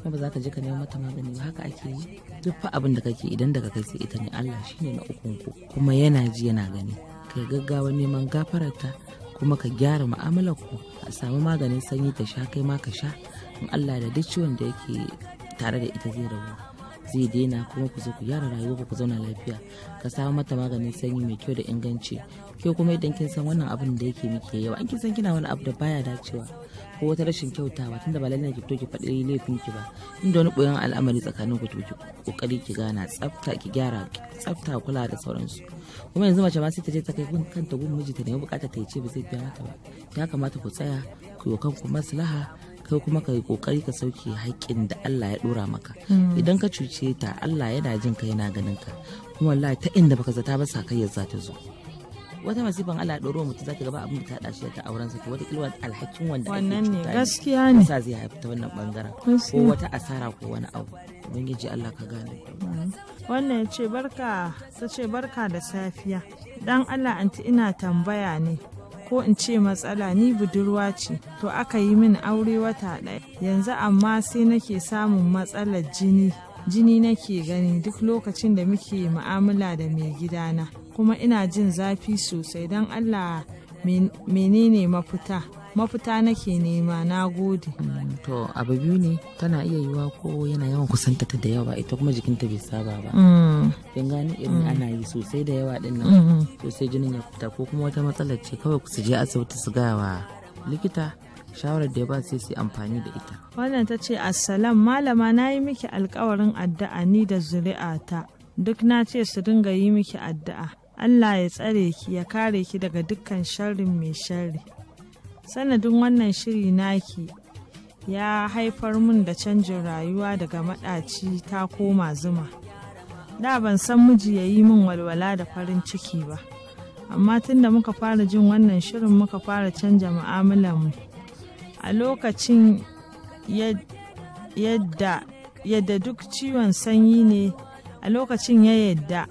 S1: kuma ba za ka je ka neman mata magani ba haka ake yi duk fa abin da kake idan daga kai sai ita ne Allah shine na ukun ku kuma yana ji yana gani kai gaggawa neman ta kuma ka gyara mu'amalar ku a samu maganin sanyi ta sha kai ma ka sha in Allah da duk ciwon da yake tare da ita zai rabu zai daina kuma ku zo ku yara rayuwa ku zauna lafiya ka samu mata maganin sanyi mai kyau da inganci ke kuma idan kin san wannan abin da yake miki yawa an kin san kina wani abu da baya dacewa ko wata rashin kyautawa tunda ba lallai ki fito ki faɗi laifin ki ba inda wani ɓoyon al'amari tsakanin ku to ki kokari ki gana tsafta ki gyara tsafta kula da sauransu kuma yanzu mace ma sai ta je ta kai gun kanta gun miji ta nemi bukata ta ce ba zai biya mata ba ya kamata ku tsaya ku yi kanku maslaha kai kuma ka yi kokari ka sauke haƙƙin da Allah ya dora maka hmm. idan ka cuce ta Allah yana jin ka yana ganin ka kuma wallahi ta inda baka zata ba kai za ta zo wata masifan Allah ya doro mutum zaki gaba abin da ta da shi ta auren sa wata kilwa alhakin wanda wannan ne gaskiya ne sa zai haifi ta wannan bangaren ko wata asara ko wani abu ubangiji Allah ka gane
S2: wannan ce barka ta ce barka da safiya dan Allah anti ina tambaya ne ko in ce matsala ni budurwa ce to aka yi min aure wata ɗaya yanzu amma sai nake samun matsalar jini jini nake gani duk lokacin da muke mu'amala da mai gidana kuma ina jin zafi sosai don allah menene mafita mafita nake nema
S1: na gode mm, to abu biyu ne tana iya yiwa ko yana yawan kusanta ta da yawa ita kuma jikinta bai saba ba mm. kin gani irin mm. ana yi sosai da yawa din nan sosai jinin ya fita ko kuma wata matsalar ce kawai su je asibiti su gaya wa likita shawarar da ya ba sai su amfani da ita
S2: wannan ta ce assalam malama na yi miki alkawarin addu'a ni da zuri'a ta duk na ce su dinga yi miki addu'a Allah ya tsare ki ya kare ki daga dukkan sharrin mai sharri sanadin wannan shiri naki ya haifar mun da canjin rayuwa daga maɗaci ta koma zuma da ban san miji ya yi min walwala da farin ciki ba amma tunda muka fara jin wannan shirin muka fara canja mu a lokacin yadda yadda duk ciwon sanyi ne a lokacin ya yadda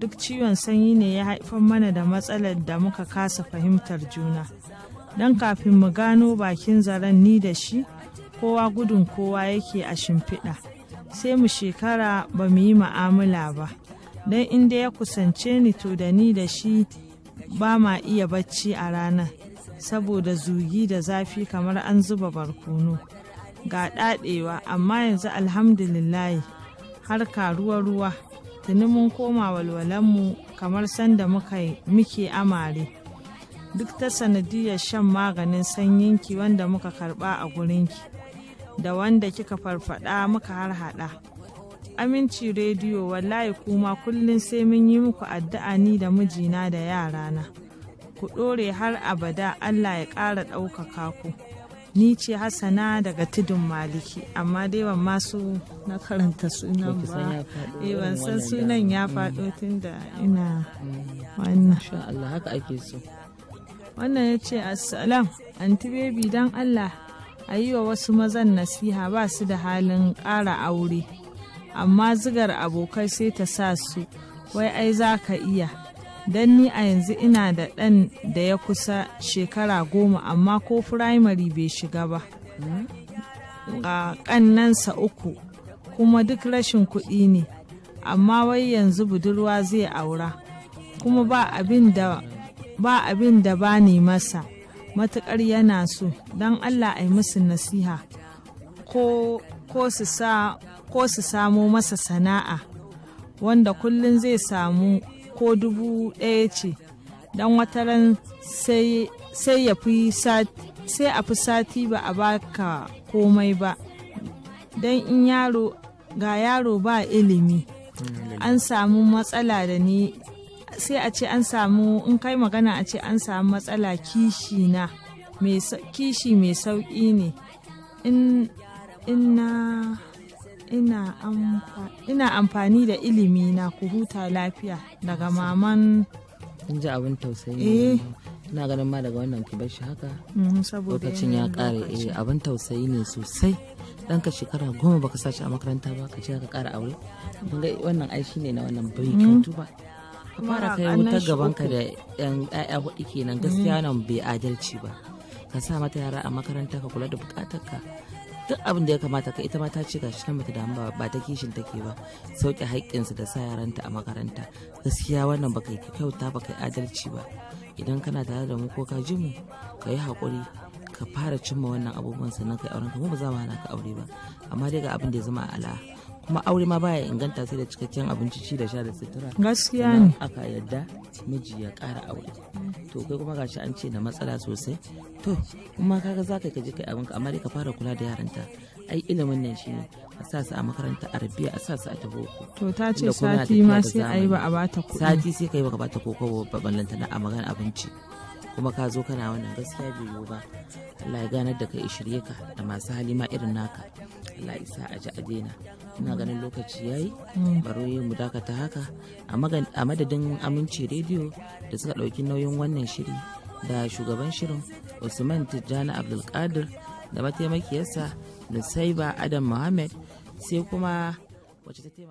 S2: duk ciwon sanyi ne ya haifar mana da matsalar da muka kasa fahimtar juna don kafin mu gano bakin zaren ni da shi kowa gudun kowa yake a shimfiɗa sai mu shekara ba mu yi ma'amala ba don inda ya kusance ni to da ni da shi ba ma iya bacci a ranar saboda zugi da zafi kamar an zuba barkono ga daɗewa amma yanzu alhamdulillahi har karuwa ruwa tuni mun koma walwalanmu kamar sanda muke amare duk ta sanadiyar shan maganin sanyin ki wanda muka karba a gurin ki, da wanda kika farfada muka har harhaɗa aminci rediyo wallahi kuma kullum sai mun yi muku addu'a ni da mijina da yarana ku dore har abada allah ya ƙara ɗaukaka ku ni ce hasana daga tudun maliki amma dai ban masu na karanta sunan ba eh, ban san sunan ya faɗo mm. tun da ina mm. wannan haka ake so wannan ya ce assalam anti baby don allah a yi wa wasu mazan nasiha ba su da halin ƙara aure amma zigar abokai sai ta sa su wai ai za ka iya don ni a yanzu ina da ɗan da ya kusa shekara goma amma ko firamare bai shiga ba a ƙannansa uku kuma duk rashin kuɗi ne amma wai yanzu budurwa zai aura kuma ba abin da ba abin da ba ne masa matuƙar yana so don Allah a yi musu nasiha ko, su samo masa sana'a wanda kullum zai samu ko dubu ɗaya ce don wataran sai ya fi sai a fi sati ba a baka komai ba don in yaro ga yaro ba ilimi mm, an samu matsala da ni sai a ce an samu in kai magana a ce an samu matsala kishi na kishi mai sauƙi ne ina amfani da ilimi na ku huta lafiya daga maman
S1: in ji abin tausayi eh. na ganin ma daga wannan ki shi haka
S2: mm-hmm, lokacin ya kare eh,
S1: abin tausayi ne sosai ɗanka shekara goma baka sashi a makaranta ba ka ce ka kara aure wannan aishi ne na wannan bai kyautu ba fara kai wuta gaban ka da yan yaya hudu kenan mm-hmm. gaskiya nan bai adalci ba ka sa mata yara a makaranta ka kula da bukatar ka duk abin da ya kamata ka ita mata ce gashi nan bata damu ba ta kishin take ba sauke su da sa yaranta a makaranta gaskiya wannan baka yi kyauta baka yi adalci ba idan kana tare da mu ko ka ji mu ka yi haƙuri ka fara cimma wannan abubuwan sannan ka yi auren ka mu ba za mu hana ka aure ba amma dai ga abin da ya zama a ala kuma aure ma baya inganta sai da cikakken abinci ci da sha da sutura
S2: gaskiya ne
S1: aka yadda miji ya ƙara aure to kai kuma gashi an ce da matsala sosai to kuma kaga zaka ka je kai ka. amma dai ka fara kula da yaranta ai ilimin nan shi ne. a sa su a makaranta arabiya a sa su a taho to ta ce sati ma sai a yi ba a bata kuɗi sati sai ka yi ba ka bata koko ba ballanta na a magana abinci kuma ka zo kana wannan gaskiya bai yiwu ba Allah ya ganar da kai shirye ka da masu hali ma irin naka Allah ya sa a ji a daina ina ganin lokaci ya yi yi mm. mu dakata haka a madadin aminci rediyo da suka ɗauki nauyin wannan shiri da shugaban shirin usman tijjani abdulkadir da mataimakiyarsa da saiba adam muhammad sai kuma wacce ta taimaka